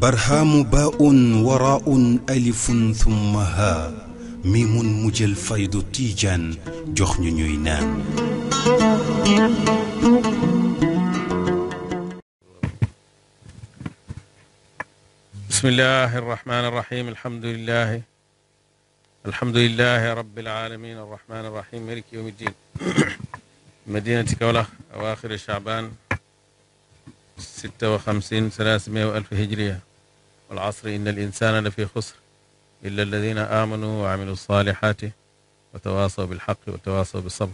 برهام باء وراء ألف ثم ها ميم مجل فيض تيجان جخن يوينان بسم الله الرحمن الرحيم الحمد لله الحمد لله رب العالمين الرحمن الرحيم ملك يوم الدين مدينة كولخ أواخر شعبان ستة وخمسين ثلاثمائة وألف هجرية والعصر إن الإنسان لفي خسر إلا الذين آمنوا وعملوا الصالحات وتواصوا بالحق وتواصوا بالصبر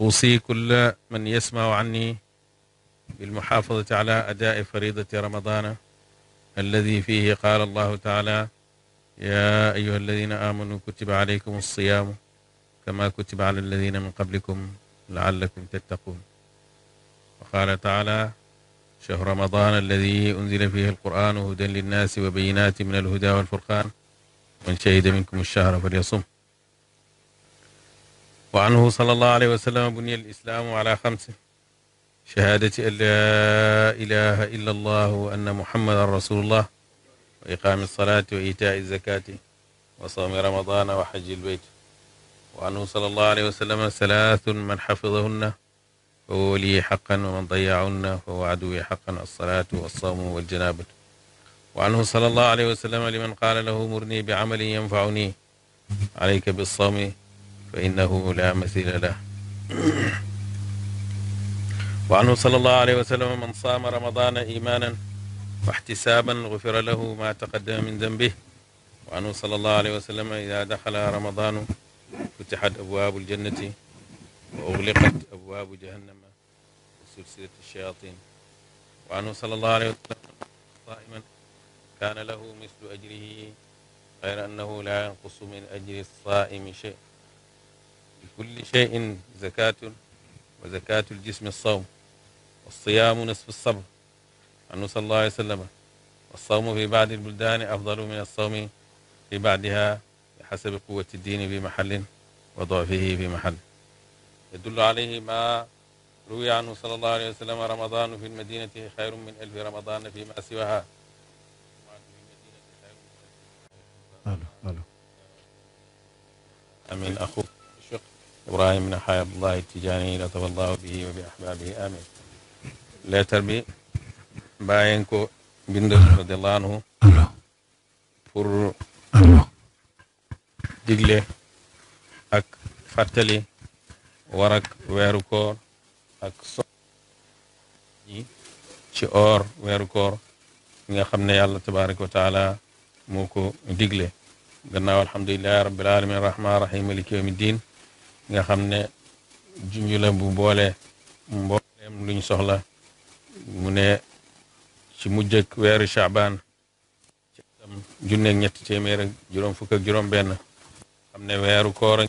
أوصي كل من يسمع عني بالمحافظة على أداء فريضة رمضان الذي فيه قال الله تعالى يا أيها الذين آمنوا كتب عليكم الصيام كما كتب على الذين من قبلكم لعلكم تتقون وقال تعالى شهر رمضان الذي أنزل فيه القرآن هدى للناس وبينات من الهدى والفرقان من شهد منكم الشهر فليصم وعنه صلى الله عليه وسلم بني الإسلام على خمسه شهادة أن لا إله إلا الله وأن محمدا رسول الله وإقام الصلاة وإيتاء الزكاة وصوم رمضان وحج البيت وأنه صلى الله عليه وسلم ثلاث من حفظهن فهو ولي حقا ومن ضيعهن فهو عدوي حقا الصلاة والصوم والجنابة وعنه صلى الله عليه وسلم لمن قال له مرني بعمل ينفعني عليك بالصوم فإنه لا مثيل له وعنه صلى الله عليه وسلم من صام رمضان إيمانا واحتسابا غفر له ما تقدم من ذنبه وعنه صلى الله عليه وسلم إذا دخل رمضان فتحت أبواب الجنة وأغلقت أبواب جهنم وسلسلة الشياطين وعنه صلى الله عليه وسلم صائما كان له مثل أجره غير أنه لا ينقص من أجر الصائم شيء لكل شيء زكاة وزكاة الجسم الصوم والصيام نصف الصبر عنه صلى الله عليه وسلم الصوم في بعض البلدان أفضل من الصوم في بعدها حسب قوة الدين في محل وضعفه في محل يدل عليه ما روي عنه صلى الله عليه وسلم رمضان في المدينة خير من ألف رمضان فيما سواها ألو ألو أمين أخوك الشق إبراهيم من أحياء الله التجاني لطف الله به وبأحبابه آمين لا تربي باينكو بندر رضي الله عنه radiallahu فر ألو digle ak fàttali warak ak weeru koor ak so ci or weeru koor nga xam ne yàlla tabaraka wa taala moo ko digle gannaaw alhamdulilahi rabbil alamin rahman rahim maliki yawmi din nga xam ne junju bu boole mbooleem luñ soxla mu ne ci mujjëk weeru chaabaan ci am junneeg ñetti téeméer ak juróom fukk ak am ne weeru koor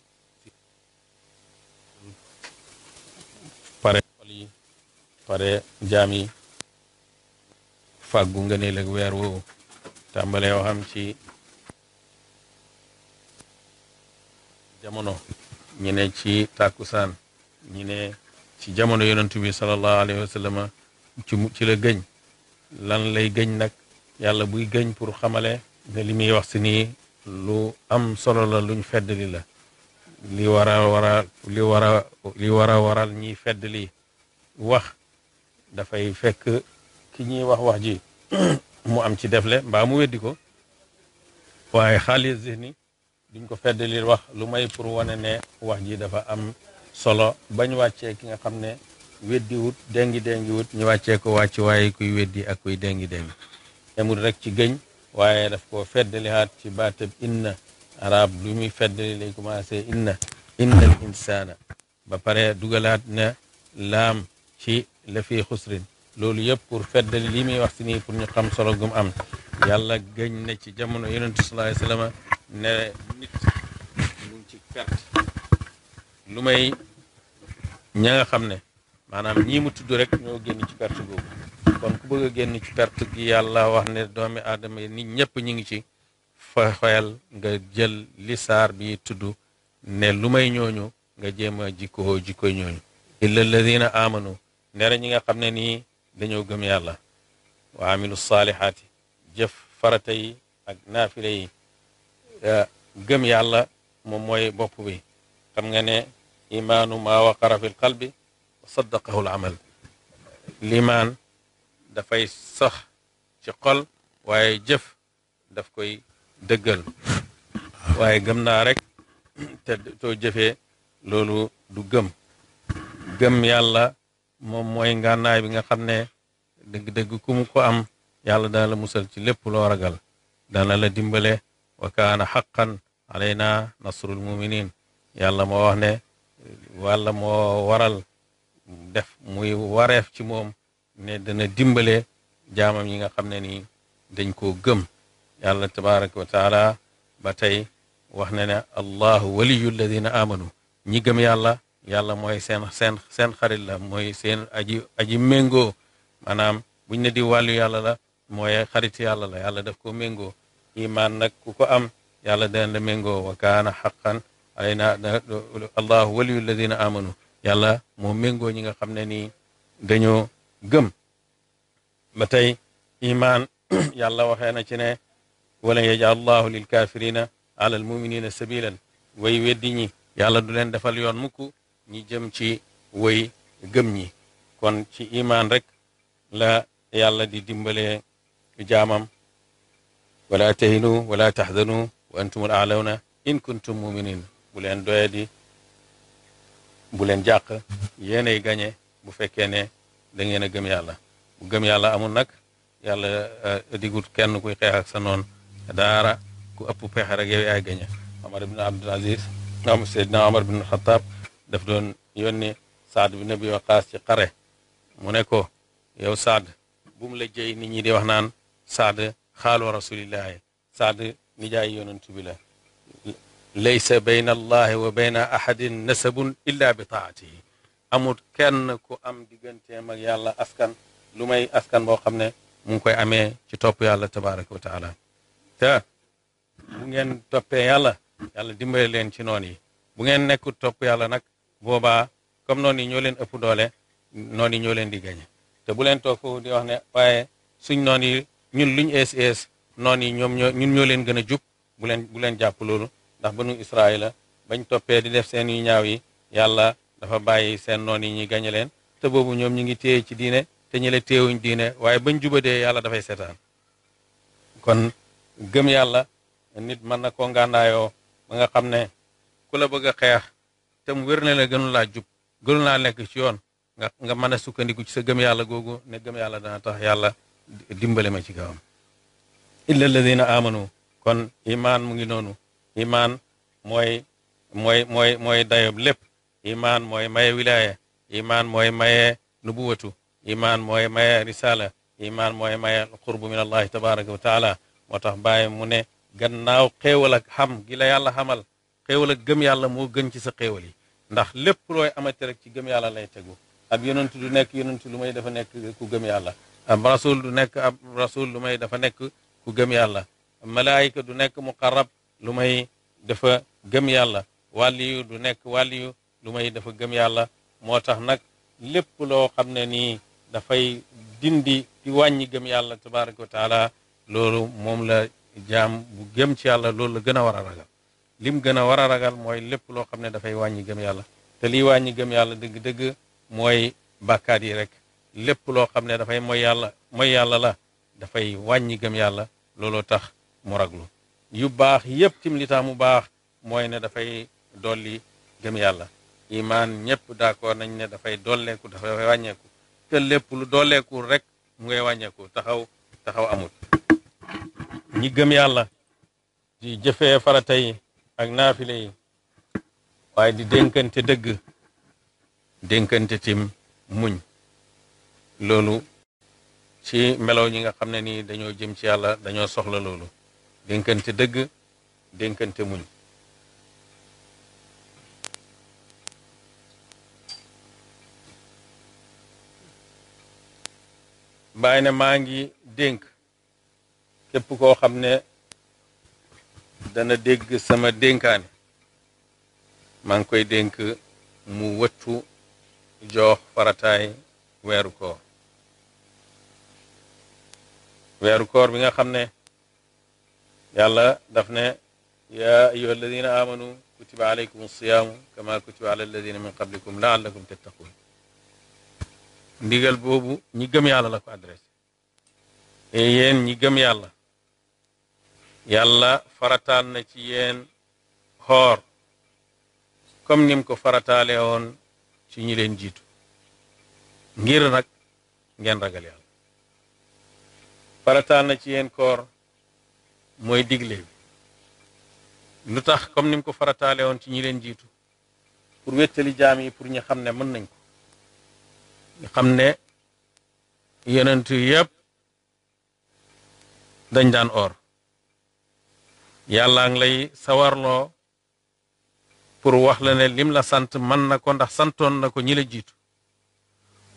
pare xol yi pare jaam yi nga ne lag weer woowu tàmbalee waxam ci jamono ñi ne ci tàkkusaan ñi ne ci jamono yonentu bi sallallahu alayhi ci ci la gëñ lan lay gëñ nag yàlla buy gëñ pour xamale ne li muy wax nii lu am solo la luñ feddali la li war a wara li war a li war a waral ñiy feddali wax dafay fekk ki ñuy wax wax ji mu am ci defle mbaa mu weddi ko waaye xaalis zihni duñ ko li wax lu may pour wane ne wax ji dafa am solo ba bañ wàccee ki nga xam ne weddi wut dengi dengi wut ñu wàccee ko wàcc waaye kuy weddi ak kuy dengi dengi emul rek ci gëñ waaye daf ko feddali ci baatab inna arab lu muy feddali lay commencé inna inna al insana ba pare dugalaat na laam ci la fi xusrin loolu yëpp pour feddali li muy wax si nii pour ñu xam solo gum am yàlla gëñ na ci jamono ne nit mu ci lu may ña nga xam ne maanaam ñii mu tudd rek ñoo génn ci perte googu kon ku bëgg a génn ci perte gi yàlla wax ne doomi aadama yi nit ñëpp ñu ngi ci fexeel nga jël li saar bi tudd ne lu may ñooñu nga jéem a jikkoo jikkoy ñooñu illa alladina amanu nera ñi nga xam ne nii dañoo gëm yàlla wa amilu saalihaati jëf farata yi ak naafile yi gëm yàlla moom mooy bopp bi xam nga ne imaanu maa waqara fi saddaqahu al amal limaan dafay sax ci xol waaye jëf daf koy dëggal waaye gëm naa rek te too jëfee loolu du gëm gëm yàlla moom mooy ngànnaay bi nga xam ne dëgg-dëgg ku ko am yàlla dana la musal ci lépp loo ragal dana la dimbale wa kaana xaqan alayna nasrul muminin yàlla moo wax ne moo waral def muy wareef ci moom ne dana dimbale jaamam yi nga xam ne nii dañ koo gëm yàlla tabaraka wa taala ba tey wax na ne allahu waliyu alladina amanu ñi gëm yàlla yàlla mooy seen seen seen xarit la mooy seen aji aji méngoo maanaam buñ ne di wàllu yàlla la mooy xarit yàlla la yàlla def ko méngoo iman nag ku ko am yàlla dana la méngoo wa kaana xaqan alayna allahu waliyu alladina yàlla moo méngoo ñi nga xam ne nii dañoo gëm ba tey imaan yàlla waxee na ci ne wala yajal allahu lil kafirina ala al muminina sabilan way weddi ñi yàlla du leen defal yoon mukk ñi jëm ci way gëm ñi kon ci imaan rek la yàlla di dimbale jaamam wala tahinu wala tahzanu wa antumul a'lawna in kuntum muminin bu leen doye bu leen jàq yéenay gañe bu fekkee ne da ngeen a gëm yàlla bu gëm yàlla amul nag yàlla euh, digut kenn kuy xeex ak sa noon daara ku ëpp pexe rek yow yaay gañe Omar ibn Abdul Aziz am Seydina Omar ibn Xataab daf doon yónni Saad ibn Abi Waqaas ci xare mu ne ko yow Saad bu mu la jëy nit ñi di wax naan Saad xaalu rasulillahi Saad nijaay yonent bi la ليس بين الله وبين أحد نسب إلا بطاعته amul kenn ku am digganteem ak yàlla askan lu may askan boo xam ne mu ngi koy amee ci topp yàlla tabaraka wa taala te bu ngeen toppee yàlla yàlla dimbale leen ci noon yi bu ngeen nekkul topp yàlla nag boobaa comme noonu yi ñoo leen ëpp doole noonu yi ñoo leen di gañe te bu leen toog foofu di wax ne waaye suñ noon yi ñun luñ ees ees noon yi ñoom ñoo ñun ñoo leen gën a jub bu leen bu leen jàpp loolu ndax banu israila bañ toppee di def seen yu ñaaw yi yàlla dafa bàyyi seen noon yi ñu gañe leen te boobu ñoom ñu ngi téye ci diine te ñu la téewuñ diine waaye bañ jubadee yàlla dafay seetaan kon gëm yàlla nit mën na koo ngàndaayoo ba nga xam ne ku la bëgg a xeex te mu wér na la gënu laa jub gënu naa nekk ci yoon nga mën a sukkandiku ci sa gëm yàlla googu ne gëm yàlla dana tax yàlla dimbali ma ci kawam illa iman moy moy moy moy dayob lépp iman moy maye wilaya iman moy maye nubuwatu iman moy maye risala iman moy maye qurb min allah tabaraka wa taala motax baye mune gannaaw xewal ak xam gi la yàlla xamal xewal ak gëm yàlla mo gën ci sa xewal yi ndax lépp looy amati rek ci gëm yàlla lay teggu ab yonent du nek yonent lumay dafa nek ku gëm yàlla ab rasul du nek ab rasul lumay dafa nek ku gëm yàlla malaika du nek muqarrab lumay dafa gëm yàlla wàlliyu du nekk yu lu may dafa gëm yàlla moo tax nag lépp loo xam ne nii dafay dindi di wàññi gëm yàlla tabaraka wa taala loolu moom la jaam bu gëm ci yàlla loolu la gën a war a ragal lim gën a war a ragal mooy lépp loo xam ne dafay wàññi gëm yàlla te liy wàññi gëm yàlla dëgg-dëgg mooy bàkkaat yi rek lépp loo xam ne dafay mooy yàlla mooy yàlla la dafay wàññi gëm yàlla looloo tax mu raglu yu baax yépp tim li mu baax mooy ne dafay dolli gëm yàlla imaan ñëpp d'accord nañ ne dafay dolleeku dafay wàññeeku te lépp lu dolleeku rek mu ngay wàññeeku taxaw taxaw amul ñi gëm yàlla di jëfee farata yi ak naafile yi waaye di dénkante dëgg dénkante tim muñ loolu ci melow ñi nga xam ne nii dañoo jëm ci yàlla dañoo soxla loolu dénkante dëgg dénkante muñ mbaay ne maa ngi dénk képp koo xam ne dana dégg sama dénkaane maa ngi koy dénk mu wëttu joox farataay weeru koor weeru koor bi nga xam ne يلا دفنا يا أيها الذين آمنوا كتب عليكم الصيام كما كتب على الذين من قبلكم لعلكم تتقون ديغال بوبو نيغم يالا لا كو ادريس يين نيغم يالا يالا فراتال نا سي يين هور كم نمكو كو فراتال هون لين جيتو غير نك نين راغال يالا كور mooy digle bi lu tax comme ni mu ko farataale woon ci ñi leen jiitu pour wéttali jaam yi pour ñu xam ne mën nañ ko xam ne yonent yëpp dañ daan oor yàllaa ngi lay sawarloo pour wax la ne lim la sant mën na ko ndax santoon na ko ñi la jiitu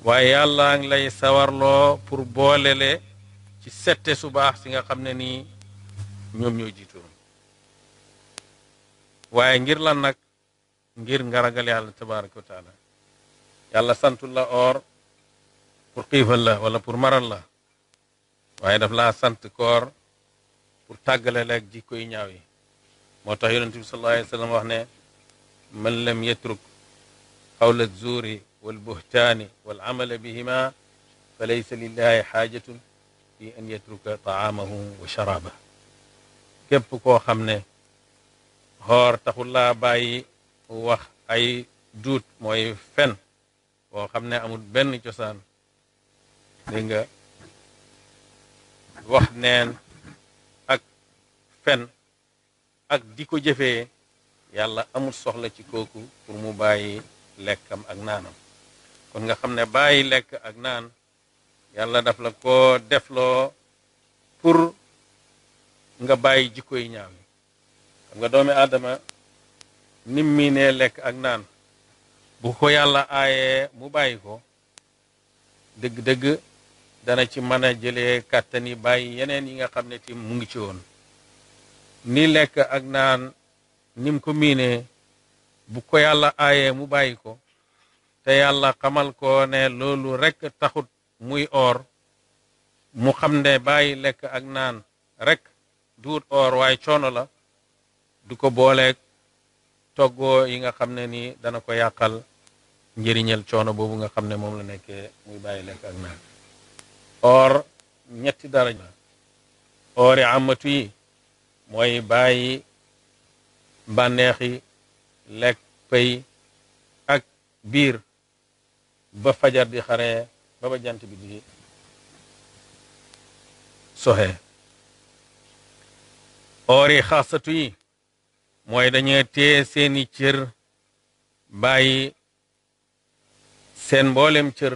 waaye yàllaa ngi lay sawarloo pour boolele ci sette su baax si nga xam ne nii ñom ñoy jitu waye ngir lan nak ngir ngaragal yàlla tabaraka wa taala yàlla santu la or pour xiifal la wala pour maral la waye daf la sant koor pour tagale lek jikko yi ñaaw yi motax yaronte bi sallallahu alayhi wasallam wax ne man lam yatruk qawla zuri wal buhtaani wal amala bihima فليس لله حاجة في أن يترك طعامه وشرابه képp koo xam ne xoor taxul laa bàyyi wax ay duut mooy fen boo xam ne amul benn cosaan di nga wax neen ak fen ak di ko jëfee yàlla amul soxla ci kooku pour mu bàyyi lekkam ak naanam kon nga xam ne bàyyi lekk ak naan yàlla daf la ko defloo pour nga bàyyi jikko yi ñaaw xam nga doomi aadama nim miine lekk ak naan bu ko yàlla aayee mu bàyyi ko dëgg-dëgg dana ci mën a jëlee kàttan yi bàyyi yeneen yi nga xam ne tim mu ngi ci woon ni lekk ak naan nim ko miinee bu ko yàlla aayee mu bàyyi ko te yàlla xamal ko ne loolu rekk taxut muy oor mu xam ne bàyyi lekk ak naan rekk duut or waaye coono la du ko booleek toggo yi nga xam ne nii dana ko yàqal njëriñal coono boobu nga xam ne moom la nekke muy bàyyi lekk ak naan or ñetti daraja oori amatu yi mooy bàyyi bànneexi lekk pay ak biir ba fajar di xaree ba ba jant bi di soxee oor yi xaasatu yi mooy dañoo téye seeni cër bàyyi seen mboolem cër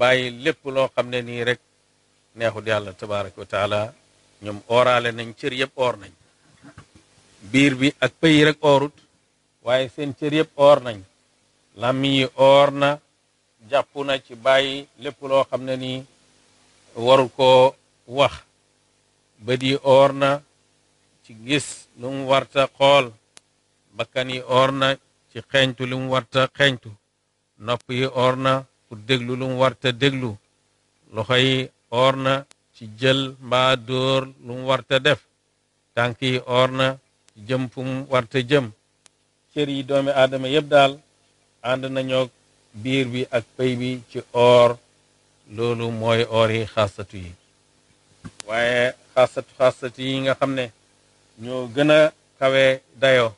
bàyyi lépp loo xam ne nii rek neexut yàlla tabaraka wa taala ñoom ooraale nañ cër yëpp oor nañ biir bi ak pëyi rek oorut waaye seen cër yëpp oor nañ làmmi yi oor na jàpp na ci bàyyi lépp loo xam ne nii waru koo wax bët oor na ci gis lum mu warta xool bakkan yi oor na ci xeeñtu lu mu warta xeeñtu nopp yi oor na pour déglu lu warta déglu loxo yi oor na ci jël mbaa dóor lu mu warta def tànk yi oor na ci jëm fu warta jëm cër yi doomi aadama yépp daal ànd nañoo biir bi ak pay bi ci oor loolu mooy oor yi xaasatu yi waaye xaasatu xaasatu yi nga xam ne ñoo gën a kawe dayo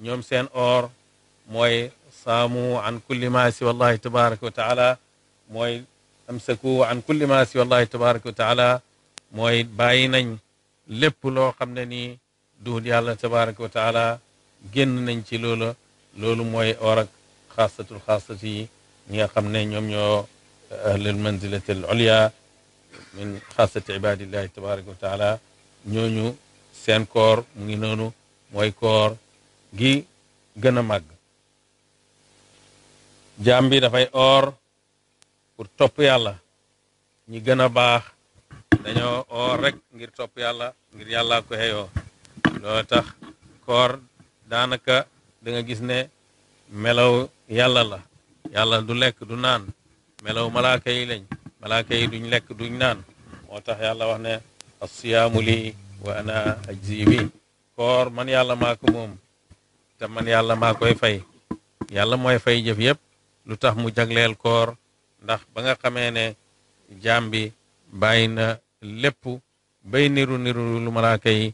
ñoom seen or mooy saamu an kulli ma siwa allahi tabaraka wa taala mooy amsaku an kulli ma siwa allahi tabaraka wa taala mooy bàyyi nañ lépp loo xam ne nii duut yàlla tabaraka wa taala génn nañ ci loola loolu mooy or ak xaasatul xaasat yi ñi nga xam ne ñoom ñoo ahlul manzilat al ulya min xaasati ibadillahi tabaraka wa taala ñooñu seen koor mu ngi noonu mooy koor gi gën a màgg jaam bi dafay oor pour topp yàlla ñi gën a baax dañoo oor rek ngir topp yàlla ngir yàlla ko xeyoo loolu tax koor daanaka danga gis ne melaw yàlla la yàlla du lekk du naan melaw malaaka yi lañ malaaka yi duñ lekk duñ naan moo tax yàlla wax ne assiyaamu wa ana ajzi koor man yàlla maa moom te man yàlla maa koy fay yàlla mooy fay jëf yépp lu tax mu jagleel koor ndax ba nga xamee ne jaam bi bàyyi na lépp bay niru niru lu malaaka yi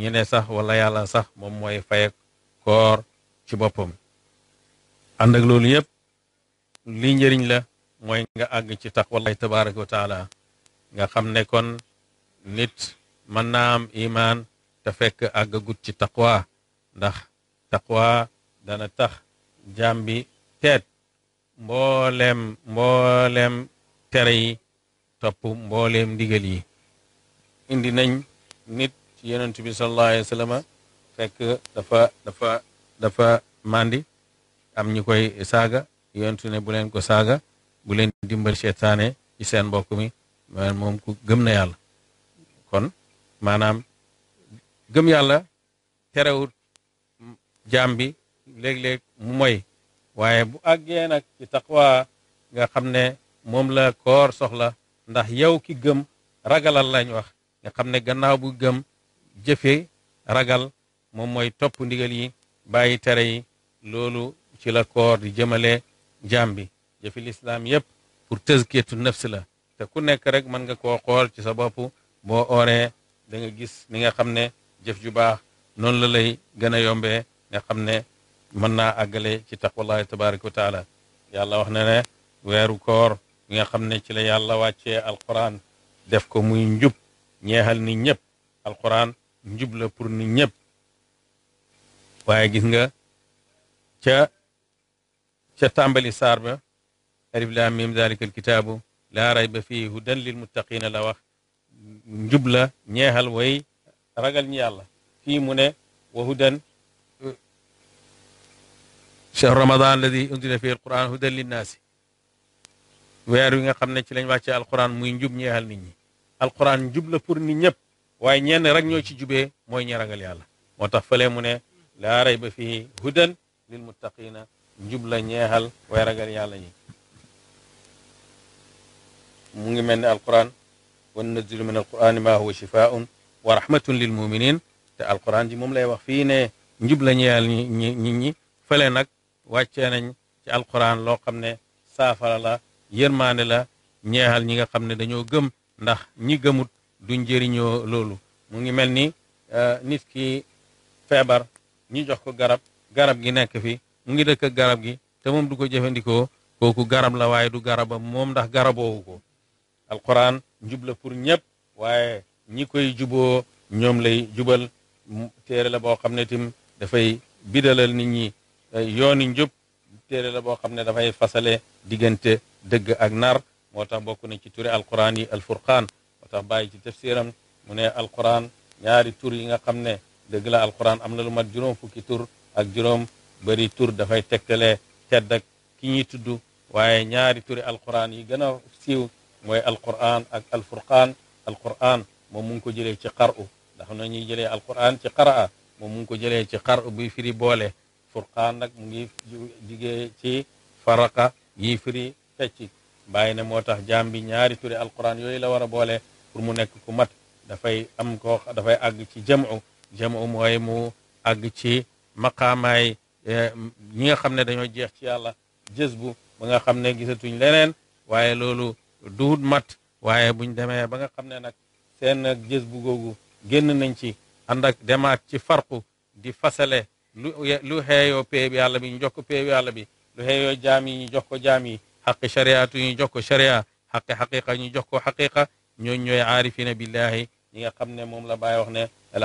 ñu ne sax wala yàlla sax moom mooy fay koor ci boppam ànd loolu yépp li njëriñ la mooy nga àgg ci tax wallahi tabaraka wa nga xam ne kon nit man na am iman te fekk àggagut ci taqwa ndax taqwa dana tax jaam bi teet mbooleem mbooleem tere yi topp mbooleem ndigal yi indi nañ nit ci yonent bi sallallahu alayhi wa sallam fekk dafa dafa dafa mandi am ñu koy saaga yonentu ne bu leen ko saaga bu leen dimbal seetaane ci seen mbokk mi man moom ku gëm na yàlla kon maanaam gëm yàlla terewut jaam bi léeg-léeg mu moy waaye bu àggee nag ci waa nga xam ne moom la koor soxla ndax yow ki gëm ragalal lañ wax nga xam ne gannaaw bu gëm jëfe ragal moom mooy topp ndigal yi bàyyi tere yi loolu ci la koor di jëmale jaam bi jëfi lislaam yépp pour tëzkiyatu nafs la te ku nekk rek mën nga ko xool ci sa bopp boo ooree da nga gis ni nga xam ne jëf ju baax noonu la lay gën a yombee nga xam ne mën naa àggale ci taqwallahi tabaraka wa taala yàlla wax na ne weeru koor bi nga xam ne ci la yàlla wàccee alquran def ko muy njub ñeexal ni ñëpp alquran njub la pour ni ñëpp waaye gis nga ca ca tàmbali saar ba alif laam mim dalika alkitaabu laa rayba fii hudan lil muttaqina la wax njub la ñeexal way ragal ñi yàlla fii mu ne wa hudan chahru ramadan alladi unzila fihi alquran hudan linnaasi weer wi nga xam ne ci lañ wàccee alquran muy njub ñeexal nit ñi alquran njub la pour nit ñëpp waaye ñenn rek ñoo ci jubee mooy ñi ragal yàlla moo fële mu ne laa rayba fihi hudan lil muttaqina njub la ñeexal way ragal yàlla ñi mu ngi mel alquran وننزل من القران ما هو شفاء ورحمه للمؤمنين تا القران دي موم لاي واخ في ني نجيب لا ني ني فلي نك واتي نان القران لو خم ني سافر لا يرمان لا نيهال نيغا خم ني دانيو گم ناخ ني گموت دون جيرينيو لولو موغي ملني آه، نيت كي فيبر ني جوخ كو غراب غراب غي نك في موغي دك غراب غي تا موم دوكو جيفانديكو كوكو غراب لا واي دو غراب موم ناخ غراب ووكو alquran njub la pour ñëpp waaye ñi koy juboo ñoom lay jubal téere la boo xam ne tim dafay bidalal nit ñi yooni njub téere la boo xam ne dafay fasale diggante dëgg ak nar moo tax bokk na ci turi alquran yi alfurqaan moo tax bàyyi ci tafsiram mu ne alquran ñaari tur yi nga xam ne dëgg la alquran am na lu mat juróom fukki tur ak juróom bëri tur dafay tegtale tedd ak ki ñuy tudd waaye ñaari turi alquran yi gën a siiw mooy alquran ak alfurqaan alquran moom mu ngi ko jëlee ci xaru ndax noo ñuy jëlee alquran ci xaraa moom mu ngi ko jëlee ci xaru buy firi boole furqaan nag mu ngi jigee ci faraka yi firi fecc bàyyi ne moo tax jaam bi ñaari ture alquran yooyu la war a boole pour mu nekk ku mat dafay am ko dafay àgg ci jamu jamu mooy mu àgg ci maqaamaay eh, ñi nga xam ne dañoo jeex ci yàlla jës bu ba nga xam ne gisatuñ leneen waaye loolu duut mat waaye buñ demee ba nga xam ne nag seen ak gis bu googu génn nañ ci ànd ak demaat ci farku di fasale lu lu xeeyoo pee bi bi ñu jox ko pee bi yàlla bi lu xeeyoo jaam yi ñu jox ko jaam yi xaqi chariatu ñu jox ko charia xaqi xaqiqa ñu jox ko xaqiqa ñooñ ñooy aarifina billahi ñi nga xam ne moom la bàyyi wax ne al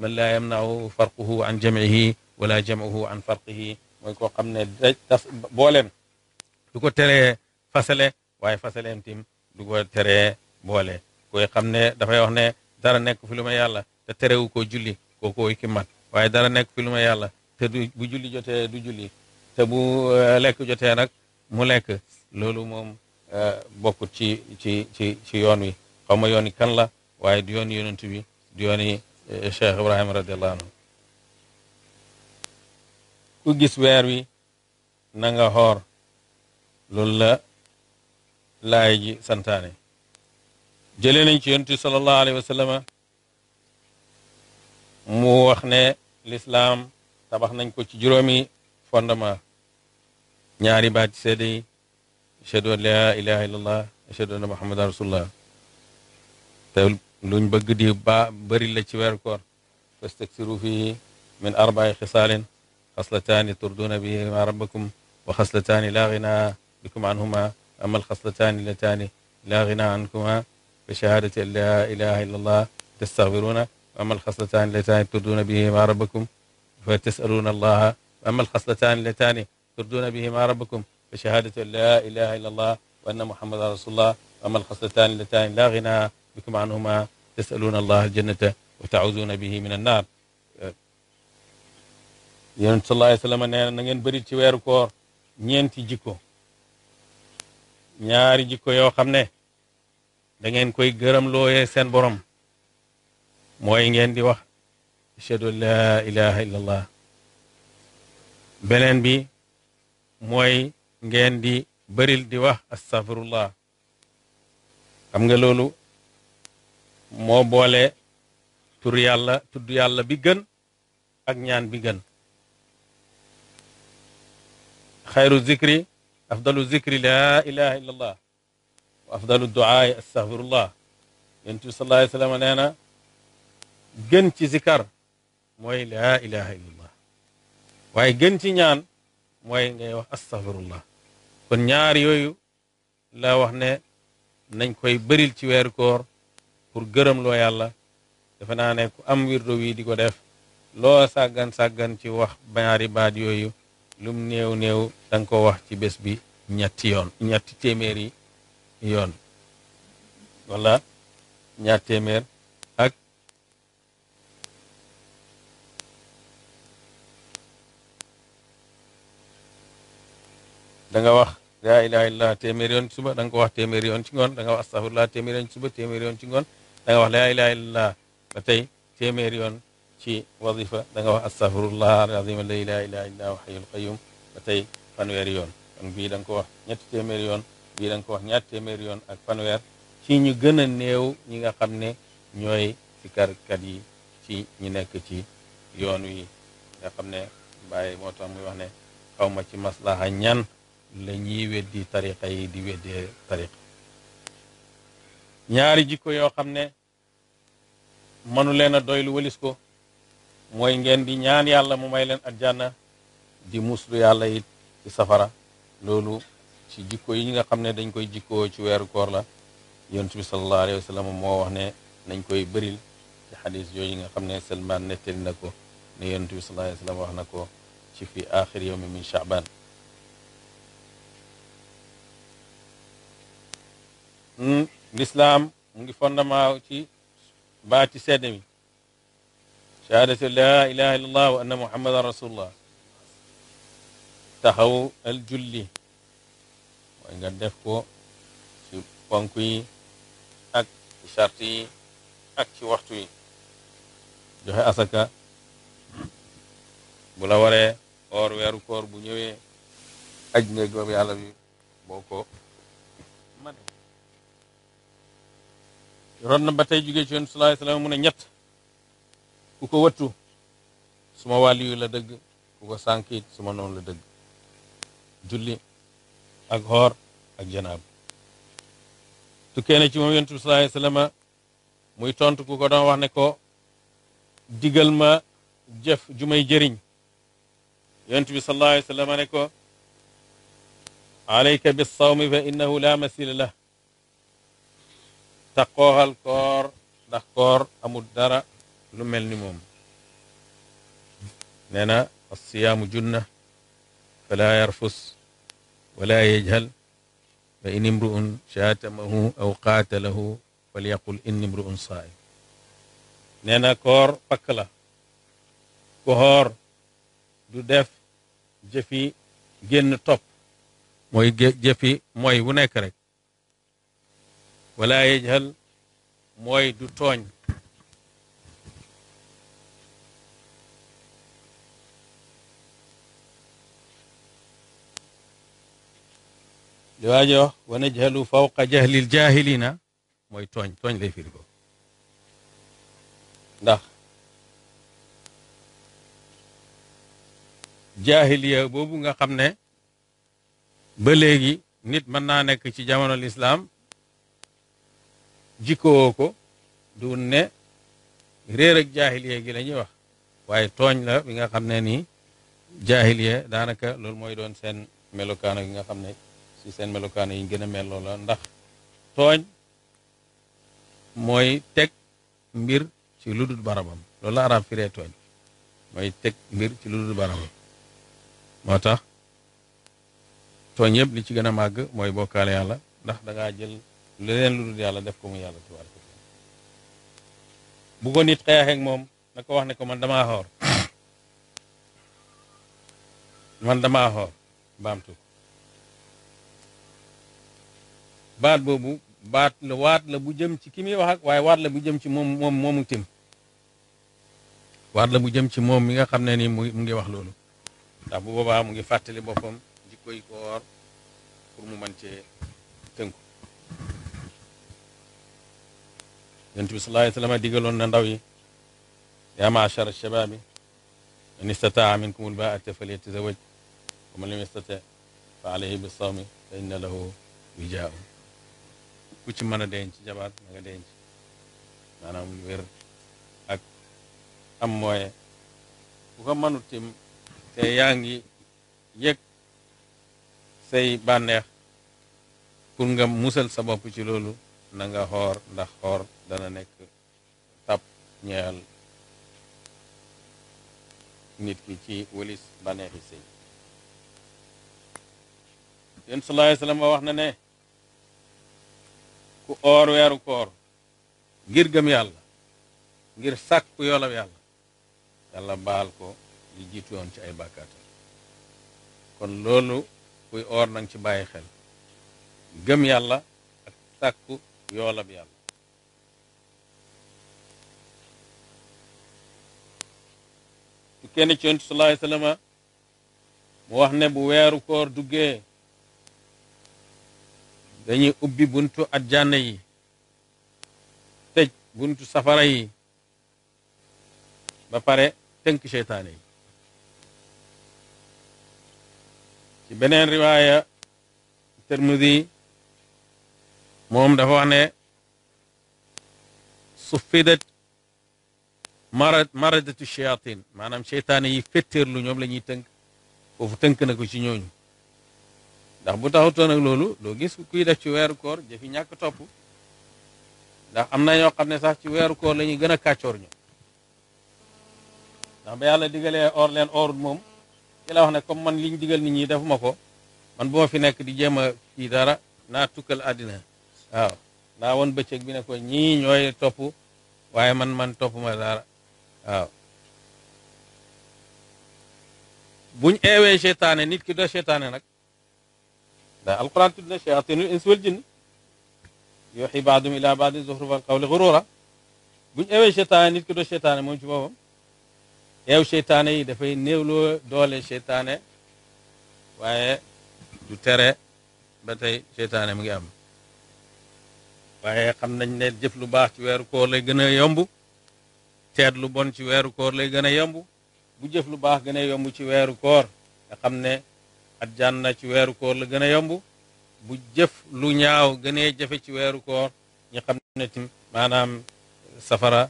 man la yamnau farquhu an jamihi wala jamahu an farqihi mooy koo xam ne daj du ko teree fasale waaye fasaleem tim du ko teree boole koy xam ne dafay wax ne dara nekk fi lu ma yàlla te terewu ko julli kookooy ki mat waaye dara nekk fi lu ma yàlla te du bu julli jotee du julli te bu eh, lekk jotee nag mu lekk loolu moom eh, bokkut ci ci ci ci yoon wi xaw ma yoon yi kan la waaye du yoon yonent bi du yoon yi eh, Cheikh Ibrahima radiallahu anhu ku gis weer wi na nga xoor لايجي سنتاني جلين ينتي صلى الله عليه وسلم مو وخنا الاسلام تابخ نانكو سي جرومي فوندما نياري بات سيدي اشهد ان لا اله الا الله اشهد ان محمد رسول الله تاب لون بغ دي با بري لا سي وير كور فاستكثروا فيه من اربع خصال خصلتان تردون بهما ربكم وخصلتان لا غنى بكم عنهما أما الخصلتان اللتان لا غنى عنكما بشهادة أن لا إله إلا الله تستغفرون وأما الخصلتان اللتان تردون بهما ربكم فتسألون الله وأما الخصلتان اللتان تردون بهما ربكم بشهادة أن لا إله إلا الله وأن محمد رسول الله وأما الخصلتان اللتان لا غنى بكم عنهما تسألون الله الجنة وتعوذون به من النار yonent الله عليه وسلم sallam nee ويركور na ngeen ñaari jikko yo xamne ne da ngeen koy gërëm looye seen borom mooy ngeen di wax ashhadu la ilaha illa beneen bi mooy ngeen di bëril di wax astaghfirullah xam nga loolu moo boole tur yàlla tudd yàlla bi gën ak ñaan bi gën xayru zikri afdalu zikri laa ilaha illa allah wa afdalu duaay astaghfirullah yonent bi sallallahu alayhi wa na gën ci zikar mooy laa ilaha illa waaye gën ci ñaan mooy ngay wax astaghfirullah kon ñaar yooyu la wax ne nañ koy bëril ci weeru koor pour gërëm loo yàlla defe naa ne ku am wirdo wii di ko def loo sàggan sàggan ci wax ñaari baat yooyu lum néew néew danga ko wax ci bés bi ñetti yoon ñetti téeméeri yoon wala ñaar téeméer ak da nga wax laa ilaha illallah yoon ci suba da ko wax téeméeri yoon ci ngoon da nga wax astaghfirullah téeméeri yoon ci suba téeméeri yoon ci ngoon da nga wax laa ilaha illallah ba tey téeméeri yoon ci wazifa danga wax astaghfirullah alazim la ilaha illa huwa alhayyul qayyum ba tey fanweeri yoon kon bii da ko wax ñetti téeméeri yoon bii da ko wax ñaar téeméeri yoon ak fanweer ci ñu gën a néew ñi nga xam ne ñooy sikarkat yi ci ñu nekk ci yoon wi nga xam ne bàyyi moo tax muy wax ne xawma ci maslaha ñan la ñuy weddi tariqa yi di weddee tariqa ñaari jikko yoo xam ne mënu leen a doylu walis ko mooy ngeen di ñaan yàlla mu may leen aljanna di muslu yàlla it ci safara loolu ci jikko yi nga xam ne dañ koy jikkoo ci weeru koor la yonent bi sallallahu alayhi wa moo wax ne nañ koy bëril ci xadis yooyu nga xam ne Salmaan nettali na ko ne yonent bi sallallahu wax na ko ci fi axir yowmi min Chaaban hmm, lislaam mu ngi fondement ci baa ci sedd mi shahadatu la ilaha illallah wa anna muhammadan taxaw al julli mooy nga def ko ci ponk yi ak ci sart yi ak ci waxtu yi joxe asaka bu la waree or weeru koor bu ñëwee aj ne góor yàlla bi boo ko mane ron na ba tey jógee ci yoon sallallahu alayhi wasallam mu ne ñett ku ko wattu suma wàlli yu la dëgg ku ko sànk it suma noonu la dëgg julli ak xoor ak janaaba tukkee na ci moom yonent bi sallallahu alayhi wa sallam muy tontu ku ko doon wax ne ko digal ma jëf ju jëriñ yonent bi sallallahu alayhi wa ne ko alayka bis sawmi fa innahu la masila lah taqooxal koor ndax koor amul dara lu mel ni moom nee na assiyaamu فلا يرفس ولا يجهل فإن امرؤ شاتمه أو قاتله فليقل إن امرؤ صائم نينا كور فكلا كور دو ديف جفي جن طب موي جفي موي ونيك ولا يجهل موي دو توني li waaja wana wa najhalu fawqa jahlil jaahilina mooy tooñ tooñ lay firi ko ndax jaahiliya boobu nga xam ne ba léegi nit mën naa nekk ci jamono lislaam jikkoo ko du ne réer ak jaahiliya gi la ñuy wax waaye tooñ la bi nga xam ne nii jaahiliya daanaka loolu mooy doon seen melokaano gi nga xam ne si seen melokaana yi gën a mel loola ndax tooñ mooy teg mbir ci lu dul barabam loolu la arab tooñ mooy teg mbir ci lu barabam moo tax tooñ yëpp li ci gën a màgg mooy bokkaale yàlla ndax dangaa jël leneen lu dul yàlla def ko mu yàlla tabaaraka nit xeexeek moom na ko wax ne ko man damaa xoor man damaa xoor baamtu baat boobu baat la waat la bu jëm ci ki muy wax ak waaye waat la bu jëm ci moom moom moomu tim waat la bu jëm ci moom mi nga xam ne ni mu ngi wax loolu ndax bu boobaa mu ngi fàttali boppam jikkoy koor pour mu mën cee tënku yonent bi sallallahu alayhi wa sallam digaloon na ndaw yi yaa maachar alshabaabi man istataa minkum albaata falyatazawaj wa man lam yastati fa alayhi bisawmi fa inna lahu wijaa ku ci mën a denc jabaat na nga denc maanaam lu am moye bu ko mënut tim te yaa ngi yëg say bànneex pour nga musal sa bopp ci loolu na nga xoor ndax xoor dana nekk tap ñeel nit ki ci walis bànneexi sëy yéen sallallahu alayhi wa wax na ne ku oor weeru koor ngir gëm yàlla ngir sàkku yoolab yàlla yàlla baal ko li jiitu woon ci ay bàkkaatam kon loolu kuy oor nang ci bàyyi xel gëm yàlla ak sàkku yoolab yàlla su kenn ci yonent sallallahu wa sallam mu wax ne bu weeru koor duggee dañuy ubbi buntu ajjana yi tëj buntu safara yi ba pare tënk seytaane yi ci beneen riwaaya Tirmidi moom dafa wax ne suffidat marad maradatu shayatin maanaam seytaane yi fetteerlu ñoom la ñuy tënk foofu tënk na ko ci ñooñu ndax bu ton ak lulu do gis kuy def ci wéru koor jëfi ñak top ndax am na ñoo sax ci wéru koor lañuy gëna kacior ñu ndax ba yalla digalé or leen or moom ila wax ne comme man liñ digal nit ñi def mako man bo fi nek di jema ci dara na tukkal adina waaw na won beccëk bi ne ko ñi ñoy top waye man man top ma dara waaw buñ éwé seetaane nit ki do seetaane nak لا القران تبنى شياطين الانس والجن يوحي بعضهم الى بعض زخرف القول غرورا بن اوي شيطان نيت كدو شيطان مون شي بوبم ياو شيطان اي دافاي نيولو دول شيطان واي دو تري باتاي شيطان مي ام واي خم نن نيت جيف لو باخ سي وير كور لي غنا يومب تيت لو بون سي وير كور لي at janna ci weeru koor la gën a yomb bu jëf lu ñaaw gënee jafe ci weeru koor ñi xam ne tim maanaam safara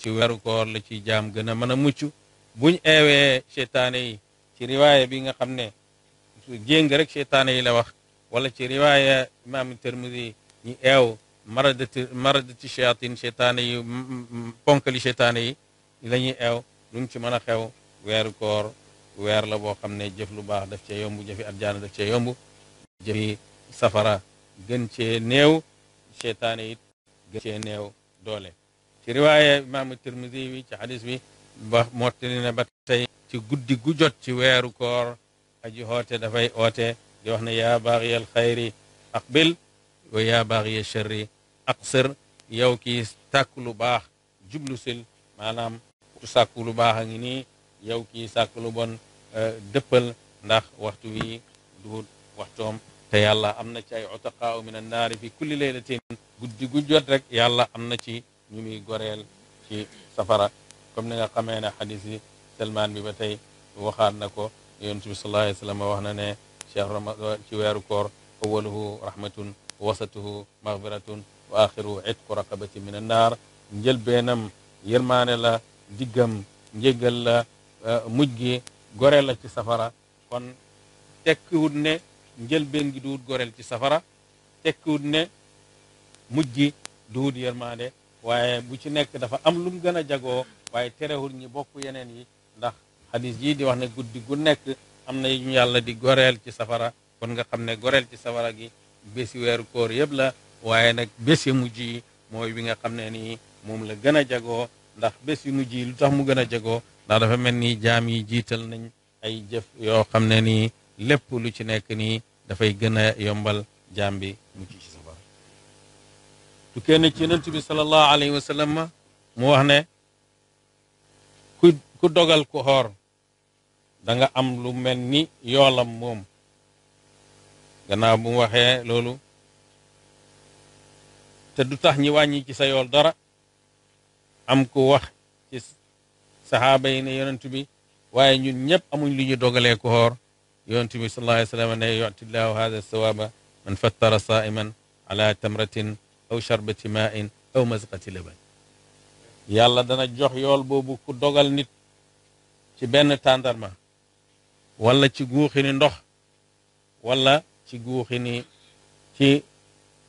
ci weeru koor la ci jaam gën a mën a mucc buñ eewee seytaane yi ci riwaaya bi nga xam ne jéng rek seytaane yi la wax wala ci riwaaya imaam Tirmidi ñu eew maradati maradati shayatin seytaane yi ponkali seytaane yi la ñuy eew lu mu ci mën a xew weeru koor weer la boo xam ne jëf lu baax daf cee yomb jëfi arjaana daf cee yomb jëfi safara gën cee néew seytaane it gën cee néew doole ci riwaaya imaamu tirmidi bi ci xadis bi ba mottali na ba tey ci guddi gujot ci weeru koor aji hoote dafay oote di wax ne yaa baaxiya alxayri aqbil wa yaa baaxiya sharri aqsir yow kii sàkku lu baax jublu sil maanaam ku sàkku lu baax a ngi nii yow kii sàkk lu bon dëppal ndax waxtu wi duut waxtoom te yàlla am na ci ay utaqaa min annaari fi kulli laylatin guddi gu jot rek yàlla am na ci ñu muy goreel ci safara comme ni nga xamee ne xadis yi Salmaan bi ba tey waxaat na ko yonent bi sallallahu alayhi wa sallam wax na ne cheikh ramadan ci weeru koor awaluhu rahmatun wasatuhu maghfiratun wa axiruhu itqu raqabati min annaar njëlbeenam yërmaane la diggam njëgal la mujj gi goreel la ci safara kon tekki wut ne ben gi duut goreel ci safara tekki wut ne mujj duut duwut yërmaande waaye bu ci nekk dafa am lu mu gën a jagoo waaye terewul ñi bokk yeneen yi ndax xadis yi di wax ne guddi gu nekk am na ñu yàlla di goreel ci safara kon nga xam ne goreel ci safara gi bési weeru koor yëpp la waaye nag bési mujj yi mooy bi nga xam ne nii moom la gën a jagoo ndax bés yu mujj yi lu tax mu gën a jagoo ndax dafa mel ni jaam yi jiital nañ ay jëf yoo xam ne nii lépp lu ci nekk nii dafay gën a yombal jaam bi mucc ci safara tukkee na ci yonent bi sallallahu alayhi wa mu wax ne ku dogal ku xoor da am lu mel ni yoolam moom gannaaw bu mu waxee loolu te du tax ñi wàññi ci sa yool dara am ku wax sahaba yi ne yonent bi waaye ñun ñëpp amuñ lu ñu dogalee ko xoor yonent bi sallallahu alayhi wa sallam ne yutillahu hada sawaba man fattara saiman ala tamratin aw sharbati main aw masqati laban yàlla dana jox yool boobu ku dogal nit ci benn tàndarma wala ci guuxini ndox wala ci guuxini ci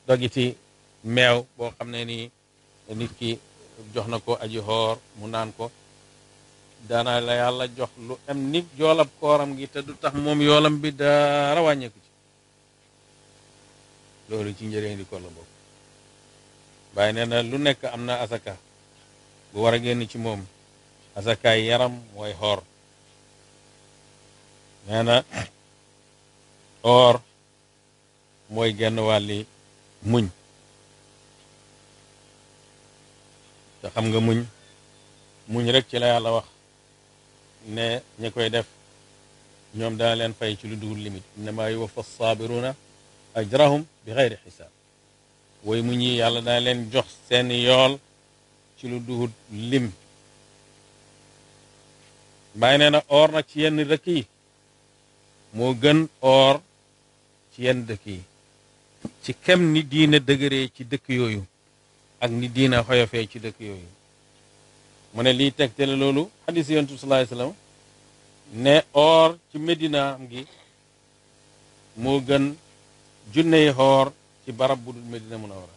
dogiti meew boo xam ne ni nit ki jox na ko aji xoor mu naan ko dana la yalla jox lu am ni jolab koram gi te du tax mom yolam bi dara ko ci ci di ko la bok bàyyi neena lu nek amna asaka bu wara genn ci moom asaka yaram way hor neena or moy genn wali muñ te xam nga muñ muñ rek ci la yalla wax ne ña koy def ñom da leen fay ci lu dugul limite innama yuwaffa as-sabiruna ajrahum bi xayri xisaab way mu ñi yàlla da leen jox seen yool ci lu dugul lim bayne na or nak ci yenn rek yi mo gën or ci yenn dëkk yi ci kem ni diina degeere ci dëkk yoyu ak ni diina xoyofé ci dëkk yoyu mu ne lii tegtale loolu xadis yonent la salaay salaam ne or ci Medina am gi moo gën junney xoor ci barab bu dul Medina a Munawara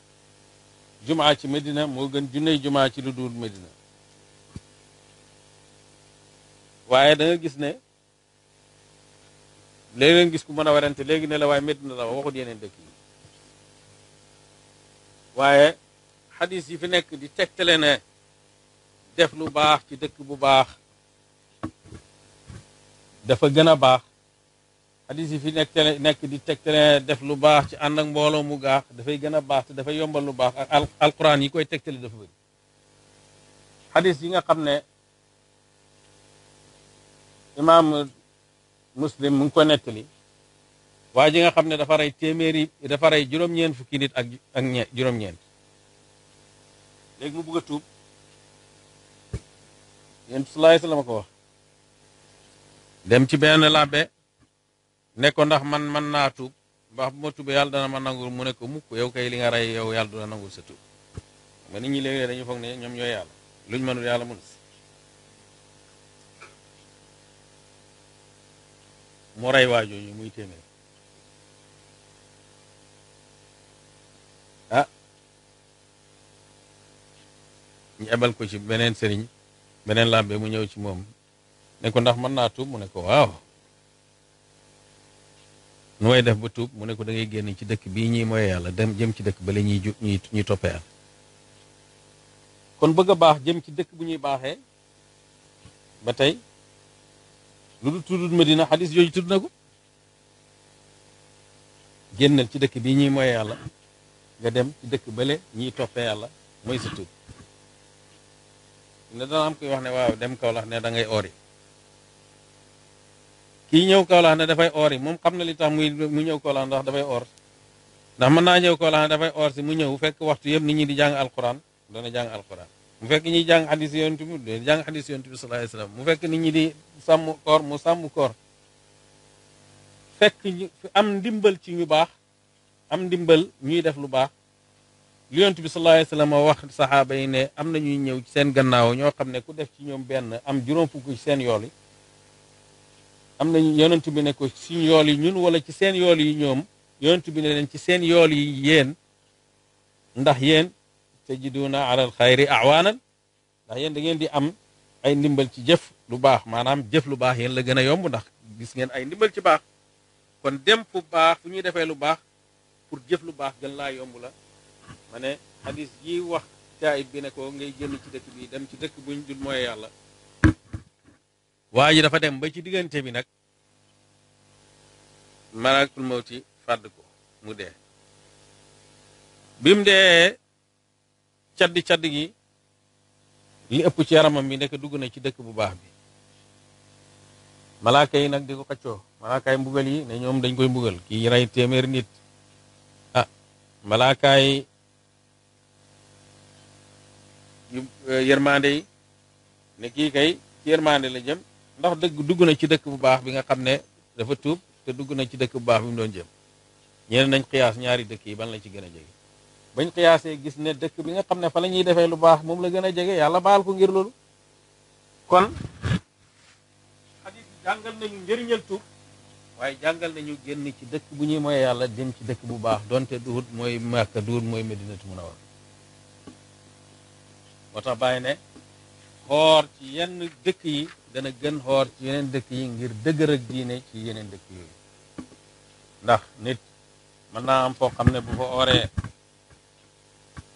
jumaa ci Medina moo gën junney jumaa ci lu dul Medina waaye da gis ne léegi nga gis ku mën a warante léegi ne la waaye Medina la waxut yeneen dëkk yi waaye xadis yi fi nekk di tegtale ne def lu baax ci dëkk bu baax dafa gën a baax xadis yi fi nekk tele nekk di tegtale def lu baax ci ànd ak mbooloo mu gaax dafay gën a baax te dafay yombal lu baax ak alquran yi koy teg tegtale dafa bëri xadis yi nga xam ne imaam muslim mu ngi ko nettali waa ji nga xam ne dafa rey téeméeri dafa rey juróom-ñeent fukki nit ak ak juróom-ñeent léegi mu bëgg tuub yéen salaay salaam ko wax dem ci benn làbbe ne ko ndax man man naa tuub ndax bu ma tuubee yàlla dana ma nangul mu ne ko mukk yow kay li nga rey yow yàlla dana nangul sa tuub ma nit ñi léeg-léeg dañu foog ne ñoom ñooy yàlla luñ mënul yàlla mënu si mu rey waa jooju muy téeméer ah ñu ebal ko ci beneen sëriñ beneen làmbe mu ñëw ci moom ne ko ndax mën naa tuub mu ne ko waaw nu may def ba tuub mu ne ko da génn ci dëkk bii ñuy mooy yàlla dem jëm ci dëkk bale ñuy ju ñuy ñuy toppee kon bëgg baax jëm ci dëkk bu ñuy baaxee ba tey lu dul tuddut Medina xadis yooyu tudd na ko génnal ci dëkk bii ñuy moye yàlla nga dem ci dëkk bale ñuy toppee yàlla mooy sa ne da am koy wax ne waaw dem Kaolack ne da ngay ori ki ñew Kaolack ne fay ori mom xamna li tax muy mu ñew Kaolack ndax fay or ndax man na ñew Kaolack ne fay or ci mu ñew fekk waxtu yëpp nit ñi di jang alquran na jang alquran mu fekk ñi jang hadith yonntu mu do jang hadith yonntu bi sallallahu alayhi wasallam mu fekk nit ñi di sam musamukor, mu sam kor fekk am ndimbal ci ñu baax am ndimbal ñuy def lu baax li yonent bi sallallahu alayhi wa sallam wax saxaaba yi ne am na ñuy ñëw ci seen gannaaw ñoo xam ne ku def ci ñoom benn am juróom fukk ci seen yool yi am na yonent bi ne ko si yool yi ñun wala ci seen yool yi ñoom yonent bi ne leen ci seen yool yi yéen ndax yéen tajiduna ala al xayri awaanan ndax yéen da ngeen di am ay ndimbal ci jëf lu baax maanaam jëf lu baax yéen la gën a yomb ndax gis ngeen ay ndimbal ci baax kon dem fu baax fu ñuy defee lu baax pour jëf lu baax gën laa yomb la mane ne xadis yi wax jaayib bi ne ko ngay génn ci dëkk bi dem ci dëkk buñ dul mooy yàlla waa dafa dem ba ci diggante bi nag malakul mawti fàdd ko mu dee bi mu dee caddi caddi gi li ëpp ci yaramam bi nekk dugg na ci dëkk bu baax bi malaaka yi nag di ko xaccoo malaakaay mbugal yi ne ñoom dañ koy mbugal kii rey téeméer nit ah malaakaay yu euh, yërmande yi ne kii kay ci yërmande la jëm ndax dëgg dugg na ci dëkk bu baax bi nga xam ne dafa tuub te dugg na ci dëkk bu baax bi mu doon jëm ñeneen nañ xiyaas ñaari dëkk yi ban la ci gën a jege bañ xiyaasee gis ne dëkk bi nga xam ne fa la ñuy defee lu baax moom la gën a jege yàlla baal ko ngir loolu kon xadis bi jàngal nañu njëriñal tuub waaye jàngal nañu génn ci dëkk bu ñuy mooy yàlla dem ci dëkk bu baax donte duhut mooy Màkka duhut mooy Medinatu Munawwara moo tax bàyyi ne xoor ci yenn dëkk yi dana gën xoor ci yeneen dëkk yi ngir dëgër ak diine ci yeneen dëkk yooyu ndax nit mën naa am foo xam ne bu fa ooree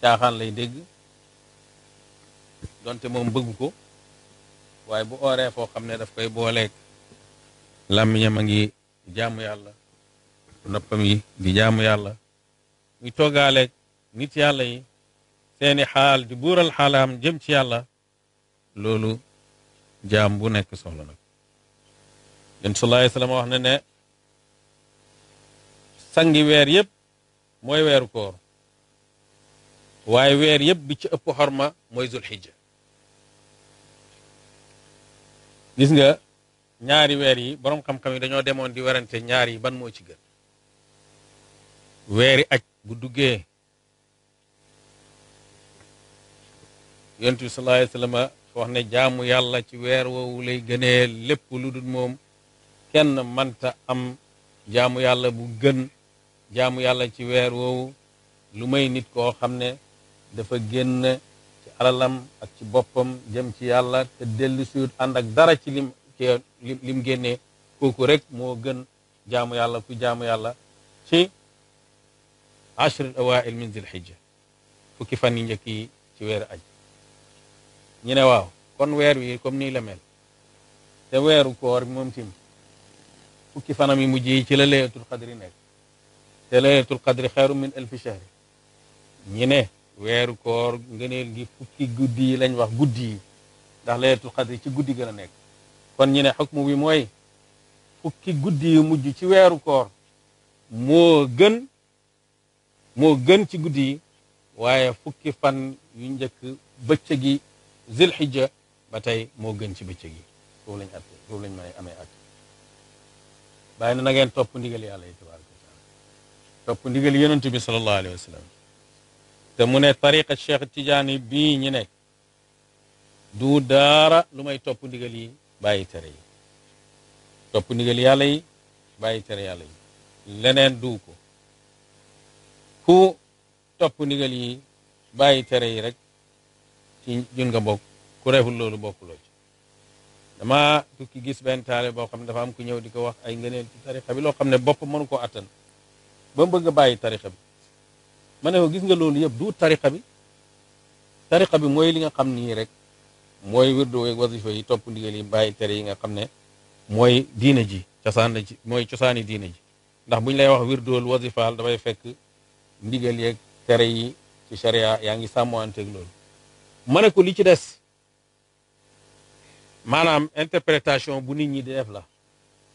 caaxaan lay dëgg donte moom bëgg ko waaye bu ooree foo xam ne daf koy booleeg làmmiñam a ngi jaamu yàlla noppam yi di jaamu yàlla muy toggaaleeg nit yàlla yi seeni xaal di buural xaalaam jëm ci yàlla loolu jaam bu nekk soxla na ko yén wax ne sangi weer yépp mooy weeru koor waaye weer yëpp bi ci ëpp xorma mooy zulxijja gis nga ñaari weer yi boroom xam-xam yi dañoo demoon di werante ñaari ban moo ci gën weeri aj bu duggee yonent bi sallallahu alayhi wax ne jaamu yàlla ci weer woowu lay gënee lépp lu dul moom kenn mënta am jaamu yàlla bu gën jaamu yàlla ci weer woowu lu may nit koo xam ne dafa génn ci alalam ak ci boppam jëm ci yàlla te dellu suut ànd ak dara ci lim lim génnee kooku rek moo gën jaamu yàlla ku jaamu yàlla ci ashril awail min zil hijja fukki fan yi njëkk yi ci weer aj ñu ne waaw kon weer wi comme nii la te weeru koor moom tim fukki fanam yi mujj ci la layatul xadri nekk te layatul xadri xeeru min alfi shahri ñi ne weeru koor ngëneel gi fukki guddi yi lañ wax guddi yi ndax layatul xadri ci guddi gën nekk kon ñi ne xukmu bi mooy fukki guddi yu mujj ci weeru koor moo gën moo gën ci guddi yi waaye fukki fan yu njëkk bëccëg yi zilxijja ba tey moo gën ci bëccëg yi foofu lañ atte foofu lañ mën amee at bàyyi na na ngeen topp ndigal yàlla yi tabaraka wa taala topp ndigal yonent bi salallahu alayhi wa te mu ne tariqa cheikh tijaani bi ñi nekk du daara lu may topp ndigal yi bàyyi tere yi topp ndigal yàlla yi bàyyi tere yàlla yi leneen du ko ku topp ndigal yi bàyyi tere yi rek ci nga bokk ku reful loolu bokkuloo ci dama tukki gis benn taale boo xam ne dafa am ku ñëw di ko wax ay ngëneel ci tarixa bi loo xam ne bopp mënu ko attan ba mu bëgg a bàyyi tarixa bi ma ne ko gis nga loolu yëpp du tarixa bi tarixa bi mooy li nga xam nii rek mooy wirdo ak wasifa yi topp ndigal yi bàyyi tere yi nga xam ne mooy diina ji cosaan la ci mooy cosaani diina ndax buñ lay wax wirdool wasifaal dafay fekk ndigal yeeg tere yi ci sharia yaa ngi sàmmanteeg loolu ma ne ko li ci des maanaam interprétation bu nit ñi def la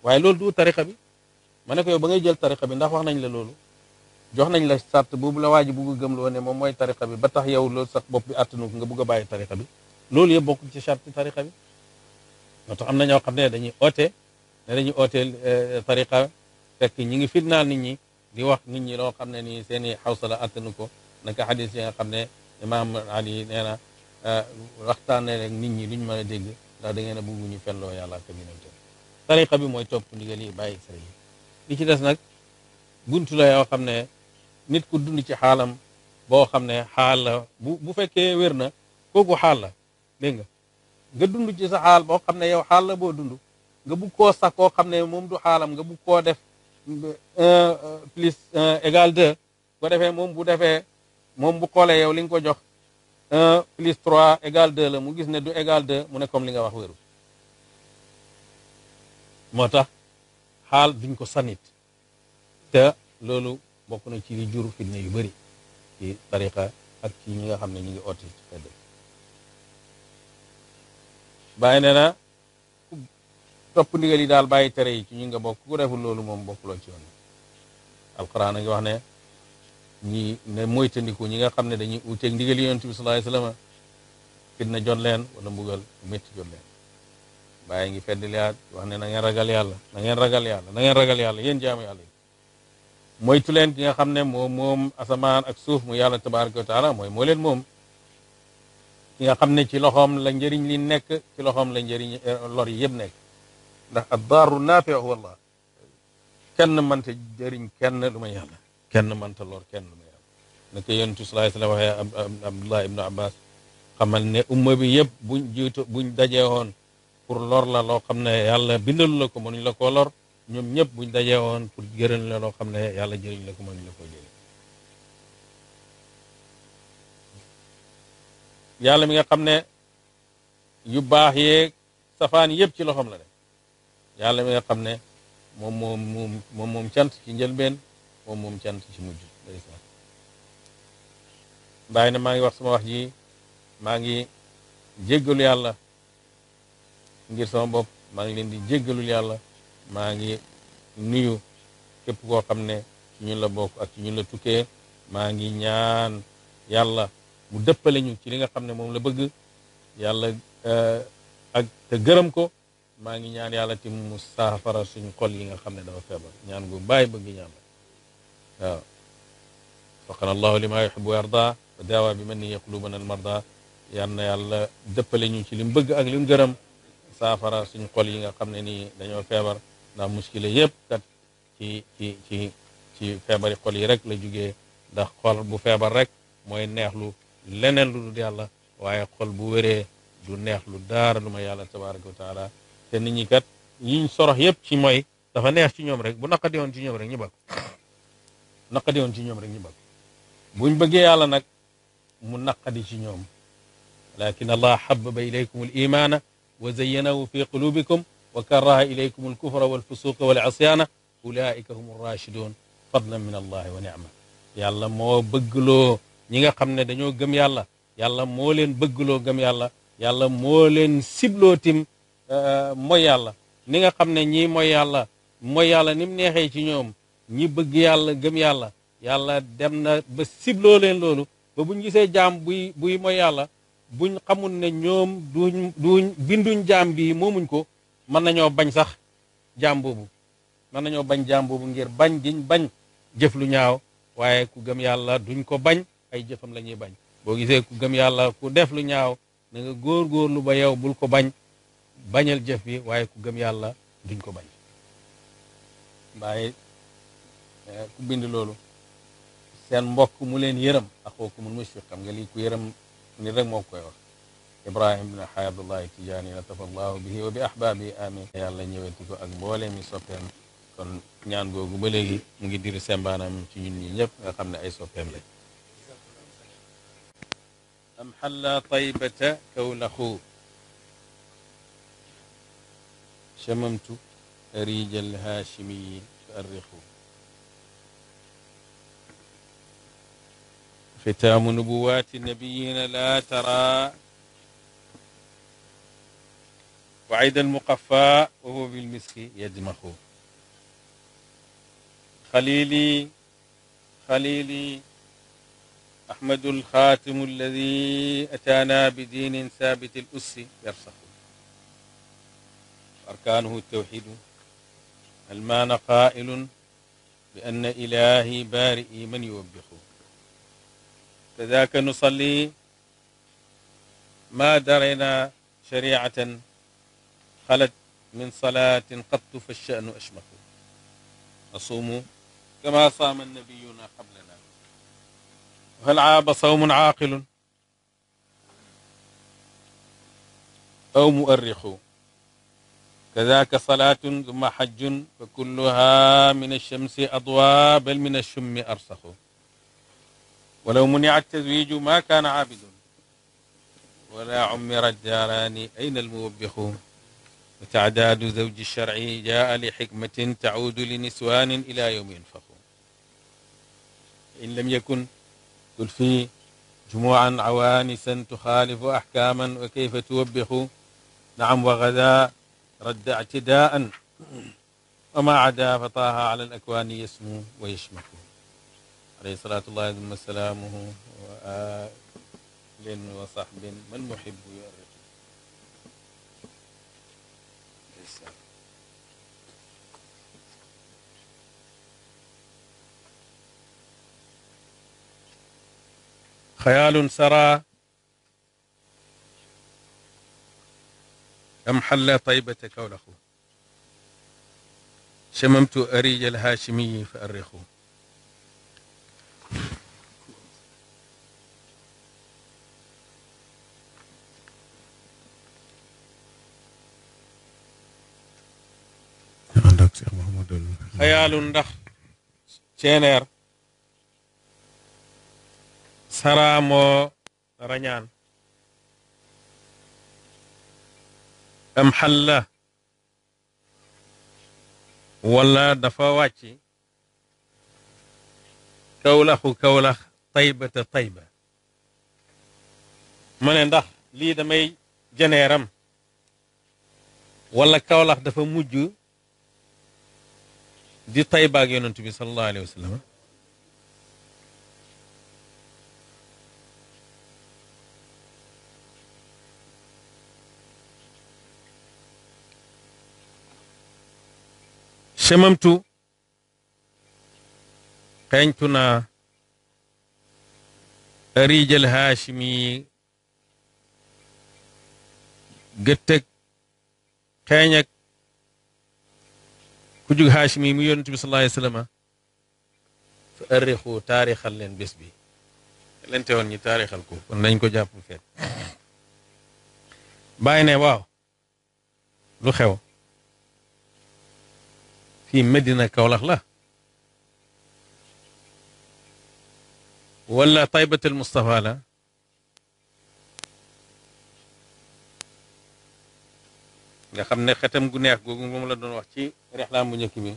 waaye loolu du tarixa bi ma ne ko yow ba ngay jël tarixa bi ndax wax nañ la loolu jox nañ la sart boobu la waa ji bugg gëm loo ne moomooy mooy bi ba tax yow loolu sax bopp bi attanu ko nga bugg a bàyyi bi loolu yëpp bokk ci sart tarixa bi moo tax am na ñoo xam ne dañuy oote ne dañuy ooteel euh, tarixa fekk ñi ngi fitnaal nit ñi di wax nit ñi loo xam ne nii seeni i xawsala attanu ko naka xadis yi nga xam ne imaam Ali nee Euh, waxtaanee rek nit ñi luñ mën a dégg ndax da ngeen a bëgg ñu fenloo yàlla ak communauté tariqa bi mooy topp ndigal yi bàyyi sëriñ li ci des nag buntu la yoo xam ne nit ku dund ci xaalam boo xam ne xaal bu bu fekkee wér na kooku xaal la nga nga dund ci sa xaal boo xam ne yow xaal la boo dund nga bugg koo sax koo xam ne moom du xaalam nga bugg koo def un euh, euh, plus un égal deux bu defee moom bu defee moom bu kole yow li nga ko jox 1 plus 3 égal 2 la mu gis ne du égal 2 mu ne comme li nga wax wëru moo tax xaal duñ ko sanit te loolu bokk na ci li jur fitna yu bëri ci tariqa ak ci ñi nga xam ne ñu ngi oti ci fedd bàyyi ne na ku topp ndigal yi daal bàyyi tere yi ci ñu nga bokk ku deful loolu moom bokkuloo ci yoon alqouran a ngi wax ne ñi ne moytandiku ñi nga xam ne dañuy uuteeg ndigal yonent bi sallallahu alayhi wasallam fitna jot leen wala mbugal métti jot leen bàyyi ngi fedd liaat wax ne na ngeen ragal yàlla na ngeen ragal yàlla na ngeen ragal yàlla yéen jaamu yàlla yi moytu leen ki nga xam ne moom moom asamaan ak suuf mu yàlla tabaraka wa taala mooy moo leen moom ki nga xam ne ci loxoom la njëriñ li nekk ci loxoom la njëriñ eh, lor yi yëpp nekk ndax ad daaru naafiu wallah kenn mënte jëriñ kenn lu ma yàlla kenn mënta lor kenn lu muy am naka yonent salaay salaam waxee Abdullah ibnu Abbas xamal ne umma bi yëpp buñ jiitu buñ dajee woon pour lor la loo xam ne yàlla bindalu la ko mënuñ la koo lor ñoom ñëpp buñ dajee woon pour jëriñ la loo xam ne yàlla jëriñ la ko mënuñ la koo jëriñ yàlla mi nga xam ne yu baax yeeg safaan yëpp ci loxoom la de yàlla mi nga xam ne moom moom moom moom cant ci njëlbeen mom ci cant ci mujju dari bàyyi bayina ma ngi wax sama wax ji ma ngi jéggalu yalla ngir sama bop ma ngi len di jéggalul yalla ma ngi nuyu kep ko xamne ñu la bok ak ñu la tukkee ma ngi ñaan yalla mu deppale ñu ci li nga xamne mom la bëgg euh ak te gëreem ko ma ngi ñaan yalla tim mustafa saafara xol yi nga xamne dafa febar ñaan gu bay bëgg ñaan آه. فقنا الله لما يحب ويرضى وداوى بمن يقلوبنا المرضى يانا يالا دبل نيو سي لي مبغ اك لي نغرم سافرا سيني خول ييغا خامني ني دانيو فيبر دا مشكله ييب كات سي سي سي سي فيبر خول يي رك لا جوغي دا خول بو فيبر رك موي نيهلو لنن لود يالا واي خول بو وري دو نيهلو دار لما يالا تبارك وتعالى تي نيت ني كات ني سوروخ ييب سي موي دا فا نيه سي نيوم رك بو ناخدي اون سي نيوم رك ني با naqadi woon ci ñoom rek ñu bëgg buñ bëggee yàlla nak mu naqadi ci ñoom lakin allah habba ilaykum al imaana wa zayyanahu fi qulubikum wa karaha ilaykum al kufra wal fusuqa wal asyana ulaika hum rashidun fadlan min allah wa nicma yàlla moo bëggloo ñi nga xam ne dañoo gëm yàlla yàlla mo leen bëggloo gëm yàlla yàlla moo leen sibloo tim mooy yàlla ni nga xam ne ñii mooy yàlla mooy yàlla ni mu neexee ci ñoom ñi bëgg yàlla gëm yàlla yàlla dem na ba sibloo leen loolu ba buñ gisee jaam buy buy mooy yàlla buñ xamul ne ñoom duñ binduñ jaam bi moomuñ ko mën nañoo bañ sax jaam boobu mën nañoo bañ jaam boobu ngir bañ giñ bañ jëf lu ñaaw waaye ku gëm yàlla duñ ko bañ ay jëfam la bañ boo gisee ku gëm yàlla ku def lu ñaaw na nga góor-góorlu ba yow bul ko bañ bañal jëf bi waaye ku gëm yàlla duñ ko bañ waaye ku bind loolu seen mbokk mu leen yërëm axookumul mushfiq xam nga lii ku yërëm nit rek moo koy wax ibrahim ibn xay abdullahi tijaani latafa allahu bihi wa bi ahbaabi amin yàlla ñëweti ko ak mboolee mi soppeem kon ñaan googu ba léegi mu ngi diri sembaanaam ci ñun ñi ñëpp nga xam ne ay soppeem lañ am xalla taybata kawnahu shamamtu riijal haashimiyin fa arrixu ختام نبوات النبيين لا ترى وعيد المقفى وهو بالمسك يدمخ خليلي خليلي أحمد الخاتم الذي أتانا بدين ثابت الأس يرسخ أركانه التوحيد ألمان قائل بأن إلهي بارئي من يوبخ فذاك نصلي ما درينا شريعة خلت من صلاة قط فالشأن أشمك نصوم كما صام النبينا قبلنا وهل عاب صوم عاقل أو مؤرخ كذاك صلاة ثم حج فكلها من الشمس أضواء بل من الشم أرسخ ولو منع التزويج ما كان عابد ولا عمر الداران أين الموبخون وتعداد زوج الشرع جاء لحكمة تعود لنسوان إلى يوم ينفخون إن لم يكن قل في جموعا عوانسا تخالف أحكاما وكيف توبخ نعم وغدا رد اعتداء وما عدا فطاها على الأكوان يسمو ويشمكون عليه الصلاة والسلام سلامه وآل وصحب من محب يؤرق خيال سرى أم حل طيبة كولخو شممت أريج الهاشمي فأرخوه xayaalu ndax ceeneer saraamoo rañaan am xalla wala dafa wàcci kawlaxu kawlax taybata tayba ma ne ndax lii damay janeeram wala kawlax dafa mujj di Tayba ak yonent bi sallallahu alayhi wa sallam semamtu xeeñtu naa rijal haashimi gëttëg xeeñ ak كوجو هاشمي مي يونس صلى الله عليه وسلم فارخوا تاريخ لين بس بي لين تيون تاريخ الكو كون كو جاب فيت باي واو لو في مدينه كولخ لا ولا طيبه المصطفى لا nga xam ne xetam gu neex googu moom la doon wax ci rexlaam bu njëkk bi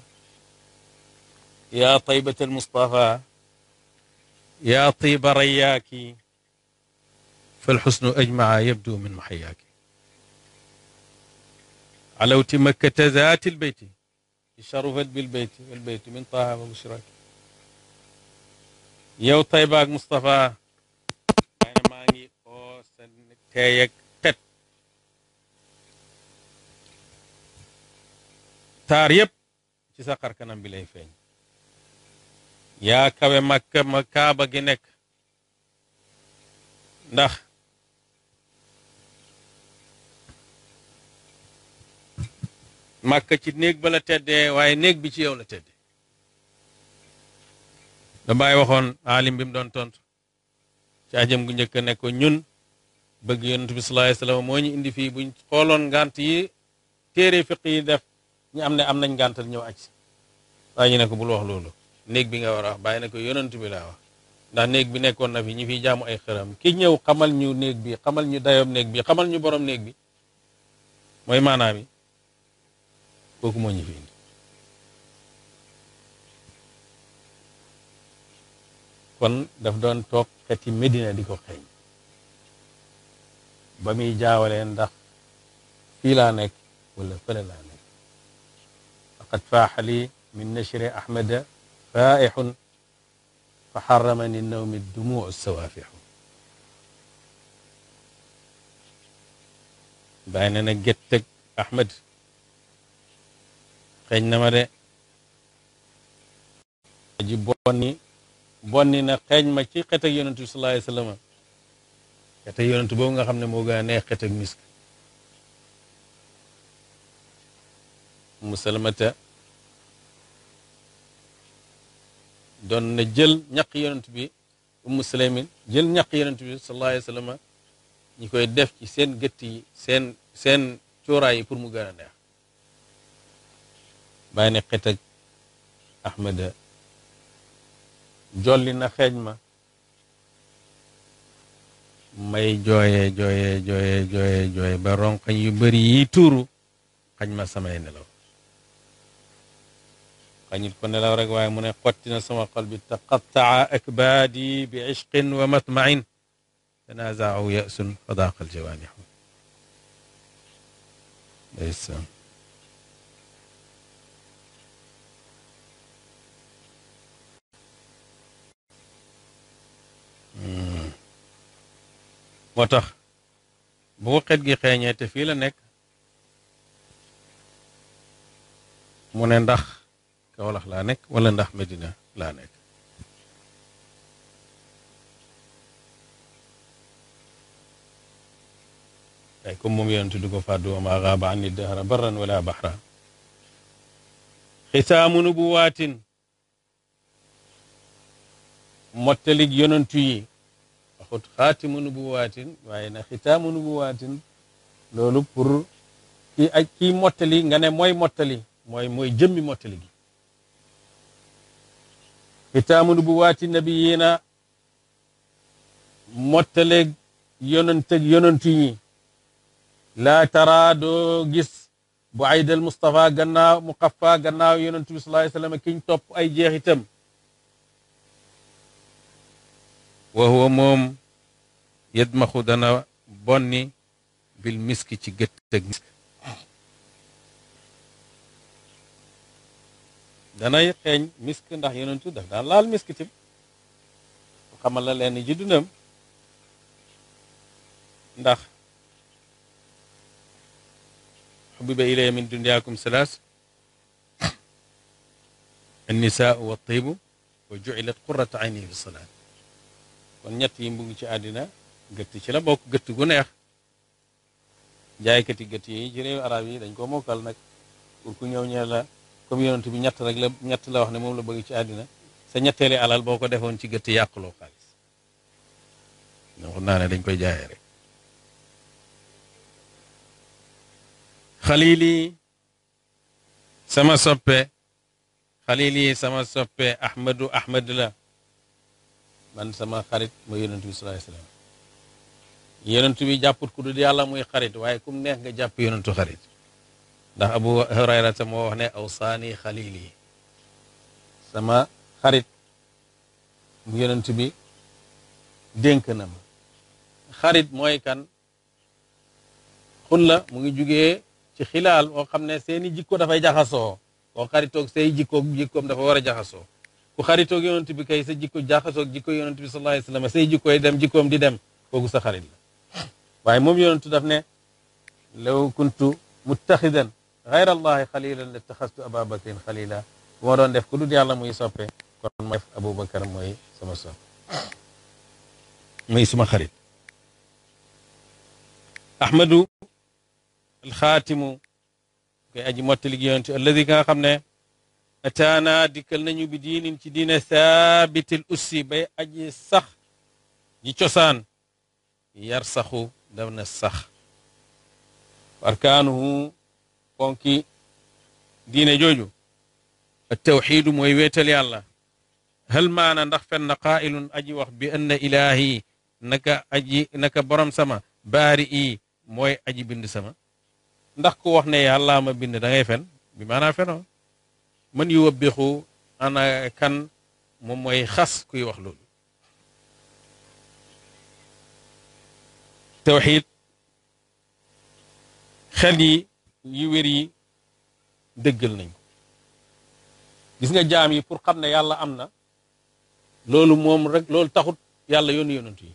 yaa taybatal mustafa yaa tiba rayaaki فالحسن أجمع يبدو من محياك علوت مكة ذات البيت شرفت بالبيت والبيت من طه وبشراك يو طيباك مصطفى أنا ماني أو سن تايك taar yépp ci sa xar kanam bi lay feeñ yaa kawe makka ma kaaba gi nekk ndax màkka ci néeg ba la teddee waaye néeg bi ci yow la teddee da bàyyi waxoon aalim bi mu doon tontu ci ajam gu njëkk ne ko ñun bëgg yonent bi sallallahu alayhi moo ñu indi fii buñ xooloon ngant yi téere fiq yi def ñu am ne am nañ gàntal ñëw aj si ñu ne ko bul wax loolu néeg bi nga war a wax bàyyi na ko yonent bi laa wax ndax néeg bi nekkoon na fi ñu fiy jaamu ay xëram ki ñëw xamal ñu néeg bi xamal ñu dayoom néeg bi xamal ñu borom neg bi mooy maanaam yi kooku moo ñu fi kon daf doon toog xeti Medina di ko xeeñ ba muy jaawalee ndax fii laa nekk wala fële laa قد فاح لي من نشر أحمد فائح فحرمني النوم الدموع السوافح باين أنا جتك أحمد xëñ na ma de ji bonni bonni na xeeñ ma ci xet ak yonentu bi sallallahu alayhi wa sallam xet ak yonentu boobu nga xam ne moo gën a neex xet ak misk musalmata don na jël ñaq yonent bi ummu suleymin jël ñaq yonent bi sallallahu alayhi wa ñi koy def ci seen gëtt yi seen seen cuuraay yi pour mu gën a neex bàyyi ne xet ak jolli na xeej ma may jooyee jooyee jooyee jooyee jooyee ba ronkañ yu bari yi tuuru xañ ma samay nelaw أن يكون لا رجوع من قتنا سوى قلبي تقطع أكبادي بعشق ومطمع تنازع يأس فضاق الجوانح ليس motax bu ko xet gi xeñe te fi la كولاخ لا نيك ولا ندخ مدينه لا نيك اي كوم موم يونت دوكو فادو ما غاب عني الدهر برا ولا بحرا ختام نبوات متلك يونتي خوت خاتم نبوات واينا ختام نبوات لولو بور كي اجي موتلي غاني موي موتلي موي موي جيمي موتلي ختام نبوات النبيين متلق يننتق يننتي لا ترى دو جس بعيد المصطفى قنا مقفى قنا يننتي صلى الله عليه وسلم كين توب اي جيهتم وهو موم يدمخ دنا بني بالمسكي تجتك مسك danaay xegn misk ndax yonentou daf da laal misk ci xamal la len jiduneum ndax hubiba ilay min dunyakum salas النساء والطيب وجعلت قرة عيني في الصلاة كون نيت يي مونغي سي ادينا گت سي لا بوك گت گو نيه جاي كتي گت يي جي ريو عربي دنجكو موكال نك كو نيو نيلا comme yonent bi ñatt rek la ñatt la wax ne mom la bëgg ci adina sa ñetteeli alal boko defoon ci gëtt yàquloo xaliss donc ko ne dañ koy jaayee rek khalili sama soppe khalili sama soppe ahmadu ahmad la man sama xarit mo yonent bi sallallahu alayhi wasallam yonent bi jappu ku du yalla muy xarit waye kum neex nga japp yonent xarit ndax abu hurayrata moo wax ne awsaani xalil yi sama xarit mu yonent bi dénk na ma xarit mooy kan xul la mu ngi jugee ci xilaal boo xam ne seeni jikko dafay jaxasoo boo xaritoog say jikkoog jikkoom dafa war a jaxasoo ku xaritoog yonent bi kay sa jikko jaxasoog jikko yonent bi sallallahu alayhi wasallam say jikkoy dem jikkoom di dem kooku sa xarit la waaye moom yonentu daf ne law kuntu muttaxidan غير الله خليلا اتخذت ابا بكر خليلا ودون ديف كل دي الله موي سوبي كون موي ابو بكر موي سما سوب موي سما خريط احمد الخاتم كي اجي موتلي جيونتي الذي كان خامني اتانا ديكل نانيو بدين في دين ثابت الاسي بي اجي صح ني تشوسان يرسخو دون الصح اركانه konki diine jooju التوحيد مويويتال يالله هل معنى ndax fenn قائل aji wax bi anna ilahi naka aji naka borom sama baari i mooy aji bind sama ndax ku wax ne yàlla ma bind da ngay fen bi maanaa fenoo man yu wabbixu ana kan moom mooy xas kuy wax loolu tawxid xel yi yu wér yi dëggal nañ gis nga jaam yi pour xam ne yàlla am na loolu moom rek loolu taxut yàlla yónni yonent yi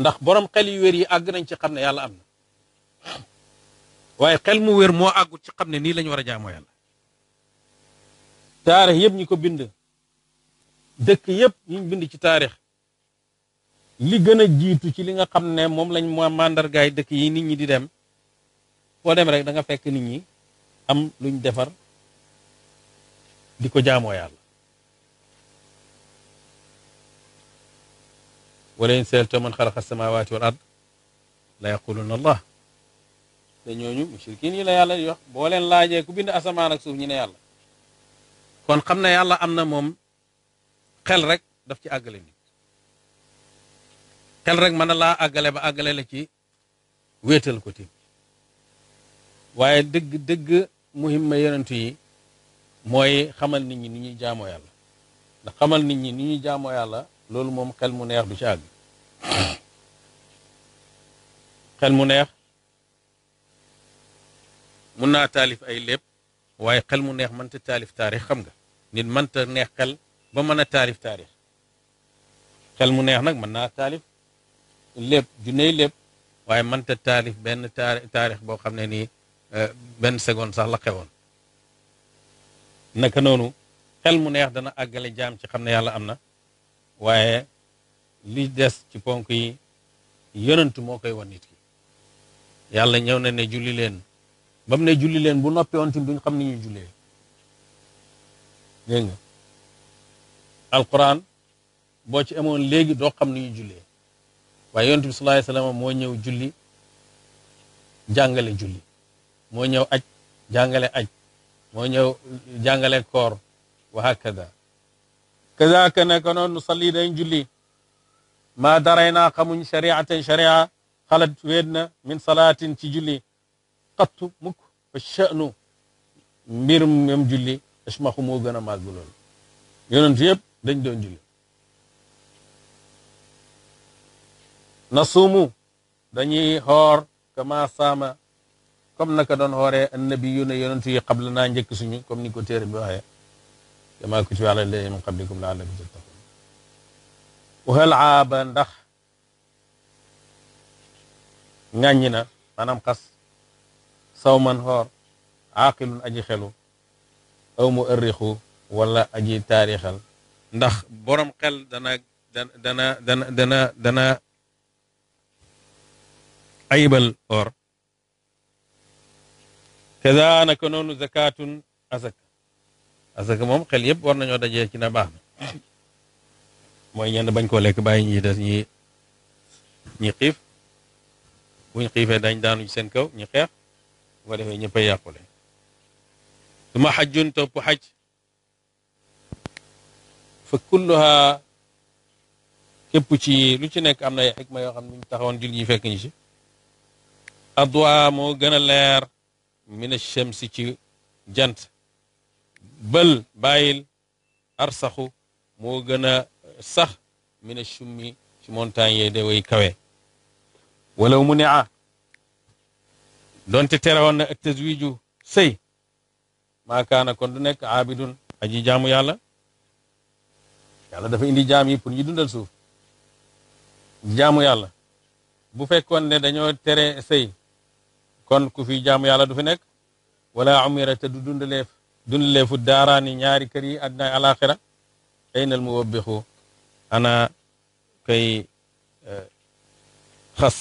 ndax borom xel yu wér yi àgg nañ ci xam ne yàlla am na waaye xel mu wér moo àggut ci xam ne nii lañu war a jaamoo yàlla taarix yëpp ñi ko bind dëkk yëpp ñu bind ci taarix li gëna jitu ci li nga xamne mom lañ mo mandar gaay dëkk yi nit ñi di dem fo dem rek da nga fekk nit ñi am luñ defar diko jaamo yalla wala in sa'alta man xalaqa samawati wal ard la yaquluna allah da ñooñu mushrikeen yi la yalla di wax bo leen laaje ku bind asaman ak suuf ñi ne yalla kon xam yalla amna mom xel rek daf ci ni kel rek mën na laa àggale ba àggale la ci wéetal ko tim waaye dëgg dëgg muhimma yonentu yi mooy xamal nit ñi ni ñuy jaamoo yàlla ndax xamal nit ñi ni ñuy jaamoo yàlla loolu moom xel mu neex du ci àgg xel mu neex mun naa taalif ay lépp waaye xel mu neex mënta taalif taarix xam nga nit mënta neex xel ba mën a taalif taarix xel mu neex nag mën naa taalif lépp junney lépp waaye mënta taarif benn taarix boo xam ne nii euh, benn seconde sax la xewoon naka noonu xel mu neex dana àggale jaam ci xam na yàlla am na waaye li des ci ponk yi yonent moo koy wan nit ki yàlla ñëw na ne julli leen ba mu ne julli leen bu noppi woon tamit duñ xam nu ñuy jullee dégg nga boo ci amoon léegi doo xam ni ñuy jullee waaye yonent bi sallallahu alayhi wasallam moo ñëw julli jàngale julli moo ñëw aj jàngale aj moo ñëw jàngale koor wa hakada kazaka naka noonu nusalli dañ julli maa daray naa xamuñ shariatan sharia xalat weet na min salaatin ci julli xattu mukk fa sha'nu mbir mem julli asmaxu moo gën a màgg loolu yonent yëpp dañ doon julli nasuumu dañuy xoor kama saama comme naka doon xooree annabi yu ne yonent yi xabla naa njëkk suñu comme ni ko téere bi waxee kama kutiba ala llaziina min qablikum la'allakum tattaquun wahal aaba ndax ŋàññi na maanaam xas sawman xoor aaqilun aji xelu aw mu ërrixu wala aji taarixal ndax borom xel dana dana dana dana dana ayibal or kada naka noonu zakatun azak azak moom xel yëpp war nañoo dajee ci na baax na mooy ñenn bañ koo lekk bàyyi ñi des ñi ñi xiif buñ xiifee dañ daanu ci seen kaw ñi xeex bu ko defee ñëppay yàqule su ma xajjun topp xaj fa kulluha képp ci lu ci nekk am na ay xikma yoo xam ne ñu taxawoon jul ñi fekk ñi ci adwa moo gën a leer mina shamsi ci jant bël bàyyil arsaxu moo gën a sax mina shummi ci montagne yee way kawe walaw mu ne ah doonte terewoon na ak taswiju sëy maakaana kon du nekk a aabidun aji jaamu yàlla yàlla dafa indi jaam yi pour ñu dundal suuf jaamu yàlla bu fekkoon ne dañoo tere sëy kon ku fi jaamu yàlla du fi nekk wala umira te du dundaleef dundaleefu daaraani ñaari kër yi àddina alaxira aynal mu wabbixu ana kay xas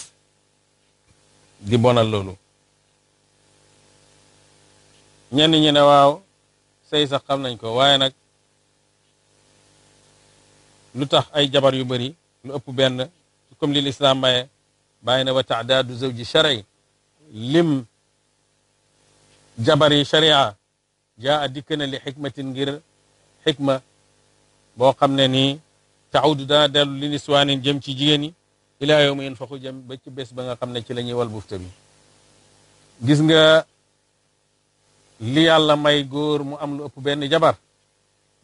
di bonal loolu ñenn ñi ne waaw sëy sax xam nañ ko waaye nag lu tax ay jabar yu bëri lu ëpp benn comme li lislaam maye bàyyi ne wa taadaadu zawji sharay lim jabar jabari sharia jaa dikk na li xikmatin ngir xikma boo xam ne nii taawdu dana dellu li niswaanin jëm ci jigéen ñi ilaa yow ma yenfaxu jëm ba ci bés ba nga xam ne ci la ñuy wal bufta bi gis nga li yàlla may góor mu am lu ëpp benn jabar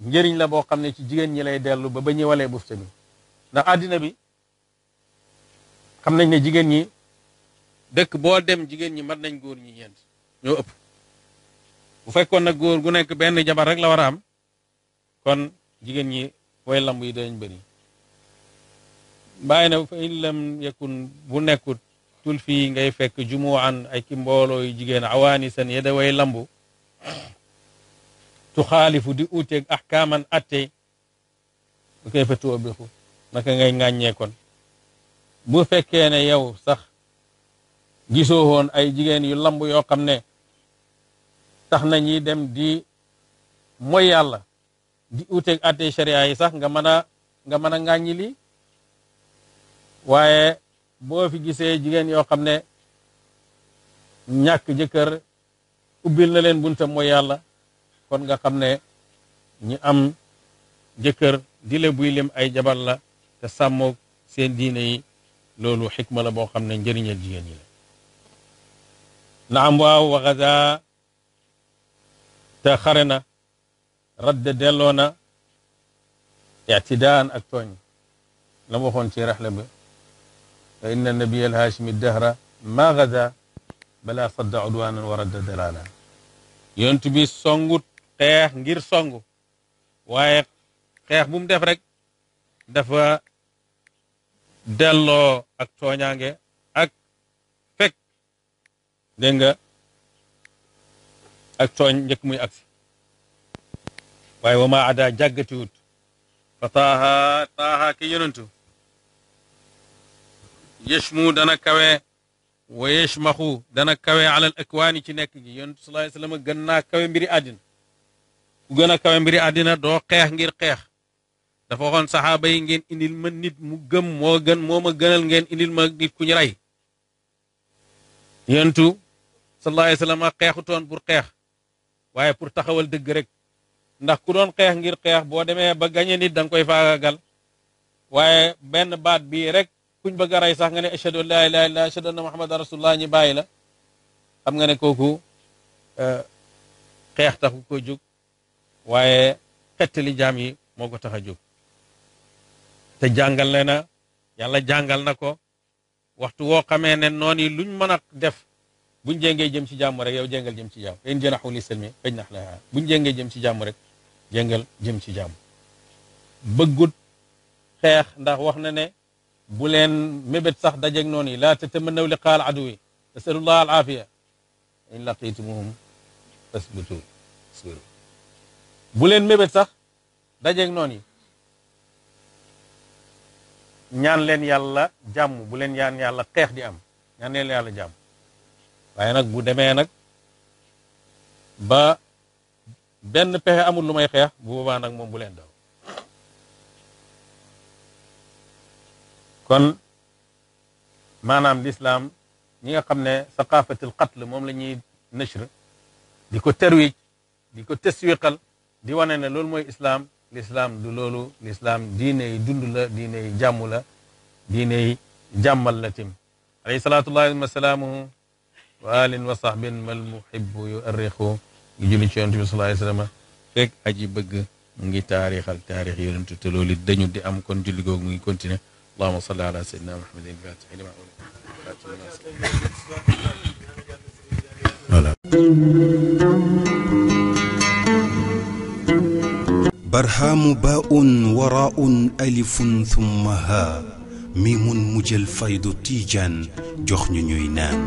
njëriñ la boo xam ne ci jigéen ñi lay dellu ba ba ñuy walee bufta bi ndax àddina bi xam nañ ne jigéen ñi dëkk boo dem jigéen ñi mat nañ góor ñi ñeent ñoo ëpp bu fekkoon na góor gu nekk benn jabar rek la war a am kon jigéen ñi way lamb yi dañ bëri bàyyi na fa in bu nekkut tul fii ngay fekk jumuan ay ki mbooloo yu jigéen awaani seen yedda way lambu tu xaalifu di uuteeg ahkaaman atte bu koy fa naka ngay ŋàññee kon bu fekkee ne sax gisoo woon ay jigéen yu lamb yoo xam ne tax na ñuy dem di mooy yàlla di uteeg atte sharia yi sax nga mën a nga mën a ŋàññi li waaye boo fi gisee jigéen yoo xam ne ñàkk jëkkër ubbil na leen bunta mooy yàlla kon nga xam ne ñi am jëkkër di la buy lim ay jabar la te sàmmoog seen diine yi loolu xikma la boo xam ne njëriñal jigéen ñi la نعم واو وغدا تاخرنا رد دلونا اعتداء اكتوني لم اخون تي رحلة بي. فإن النبي الهاشم الدهرة ما غدا بلا صد عدوانا ورد دلالا ينتبي سونغو قيح نجير سونغو واي قيح بوم دفرك دفا دلو اكتوني Denga ak tooñ njëkk muy aksi way wa ma ada jàggatiwut fa fataha taha ki yonentu yeshmu dana kawe wa yashmahu dana kawe al akwan ci nek gi yonentu sallallahu alayhi wasallam gën kawe mbiri adina ku gëna kawe mbiri adina do xex ngir xex dafa xon sahaba yi ngeen indil ma nit mu gëm mo gën moma gënal ngeen indil ma nit ku ñu ray yonentu sallallahu alayhi wa sallam xeexutoon pour xeex waaye pour taxawal dëgg rek ndax ku doon xeex ngir xeex boo demee ba gañe nit da nga koy faagagal waaye benn baat bii rek kuñ bëgg a rey sax nga ne ashhadu an laa ilaaha illallaah ashhadu anna muhammadan rasulullah ñi bàyyi la xam nga ne ku euh, xeex taxu ko jóg waaye xettali jaam yi moo ko tax a jóg te jàngal le na yàlla jàngal na ko waxtu woo xamee ne noonu yi luñ mën a def buñ jéngee jëm ci jàmm rek yow jéngal jëm ci jàmm in janaxu li salmi fajnax laha buñ jéngee jëm ci jàmm rek jéngal jëm ci jàmm bëggut xeex ndax wax na ne bu leen mébét sax dajeeg noonu yi laa tatamannaw liqaa al aduwi tasalullah al aafiya in laqitumuhum fasbutu sbiru bu leen mébét sax dajeeg noonu yi ñaan leen yàlla jàmm bu leen ñaan yàlla xeex di am ñaan leen yàlla jàmm waaye nag bu demee nag ba benn pexe amul lu may xeex bu boobaa nag moom bu leen daw kon maanaam lislaam ñi nga xam ne saqaafatil qatl moom la ñuy nëchr di ko terwij di ko tes teswiqal di wane ne loolu mooy islaam lislaam du loolu lislaam diiney dund la diiney jàmm la diiney jàmmal la tim alayhi salaatullahi wa salaamuhu وآل وصحب ما المحب يؤرخ يجول شيء أنت صلى الله عليه وسلم فك أجي بق مجي تاريخ التاريخ يوم تتلو للدنيا دي أم كن جل جو مجي كنت نه اللهم صل على سيدنا محمد الفاتح لما برهام باء وراء ألف ثم هاء mi mu mu jël faydu tiijaan jox ñu ñuy naan